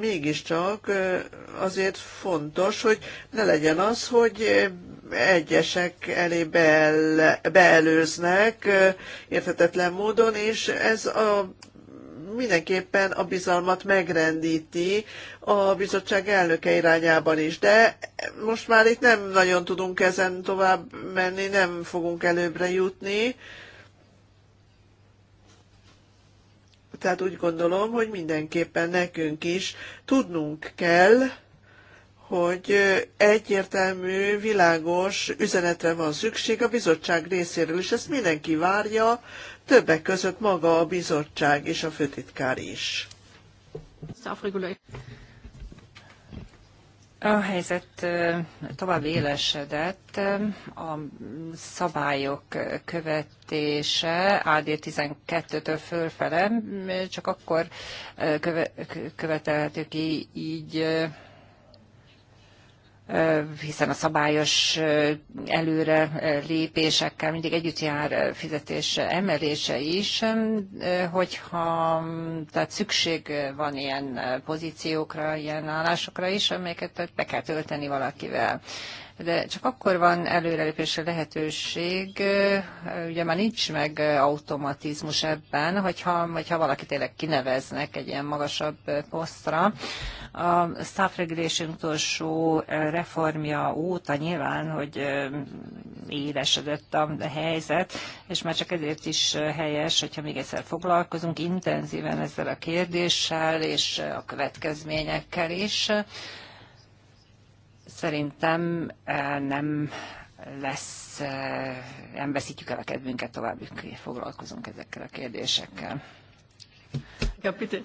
mégiscsak azért fontos, hogy ne legyen az, hogy egyesek elé beelőznek érthetetlen módon, és ez a mindenképpen a bizalmat megrendíti a bizottság elnöke irányában is. De most már itt nem nagyon tudunk ezen tovább menni, nem fogunk előbbre jutni. Uh, Tehát úgy gondolom, hogy mindenképpen nekünk is tudnunk kell, hogy egyértelmű, világos üzenetre van szükség a bizottság részéről, és ezt mindenki várja, többek között maga a bizottság és a főtitkár is. A helyzet tovább élesedett, a szabályok követése AD12-től fölfele, csak akkor követelhető ki így hiszen a szabályos előre lépésekkel mindig együtt jár fizetés emelése is, hogyha tehát szükség van ilyen pozíciókra, ilyen állásokra is, amelyeket be kell tölteni valakivel de csak akkor van előrelépésre lehetőség, ugye már nincs meg automatizmus ebben, hogyha, hogyha valaki tényleg kineveznek egy ilyen magasabb posztra. A staff regulation utolsó reformja óta nyilván, hogy élesedett a helyzet, és már csak ezért is helyes, hogyha még egyszer foglalkozunk intenzíven ezzel a kérdéssel és a következményekkel is, Szerintem eh, nem lesz, eh, nem veszítjük el a kedvünket további foglalkozunk ezekkel a kérdésekkel. Ja, bitte.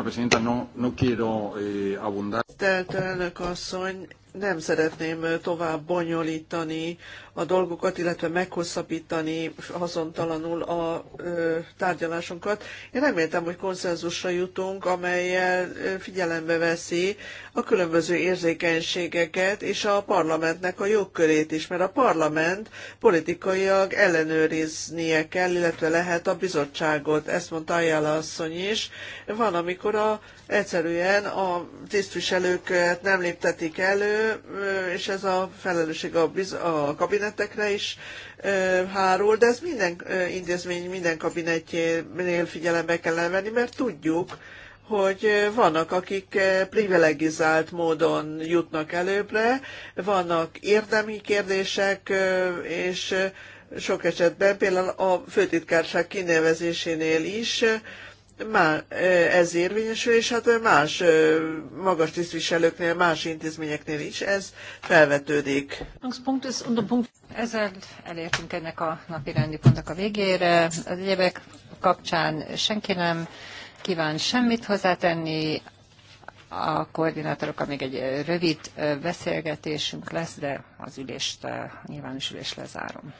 Presidenta, no, no quiero eh, Tisztelt elnök asszony, nem szeretném tovább bonyolítani a dolgokat, illetve meghosszabbítani hazontalanul a tárgyalásunkat. Én reméltem, hogy konszenzusra jutunk, amelyel figyelembe veszi a különböző érzékenységeket és a parlamentnek a jogkörét is, mert a parlament politikaiak ellenőriznie kell, illetve lehet a bizottságot. Ezt mondta Ayala asszony is. Van, amikor a, egyszerűen a tisztviselőket nem léptetik elő, és ez a felelősség a, biz- a kabinetekre is hárul, de ez minden intézmény, minden kabinetjénél figyelembe kell venni, mert tudjuk, hogy vannak, akik privilegizált módon jutnak előbbre, vannak érdemi kérdések, és sok esetben például a főtitkárság kinevezésénél is már ez érvényesül, és hát más magas tisztviselőknél, más intézményeknél is ez felvetődik. Ezzel elértünk ennek a napi rendi pontnak a végére. Az egyebek kapcsán senki nem kíván semmit hozzátenni. A koordinátorokkal még egy rövid beszélgetésünk lesz, de az ülést, nyilvános ülés lezárom.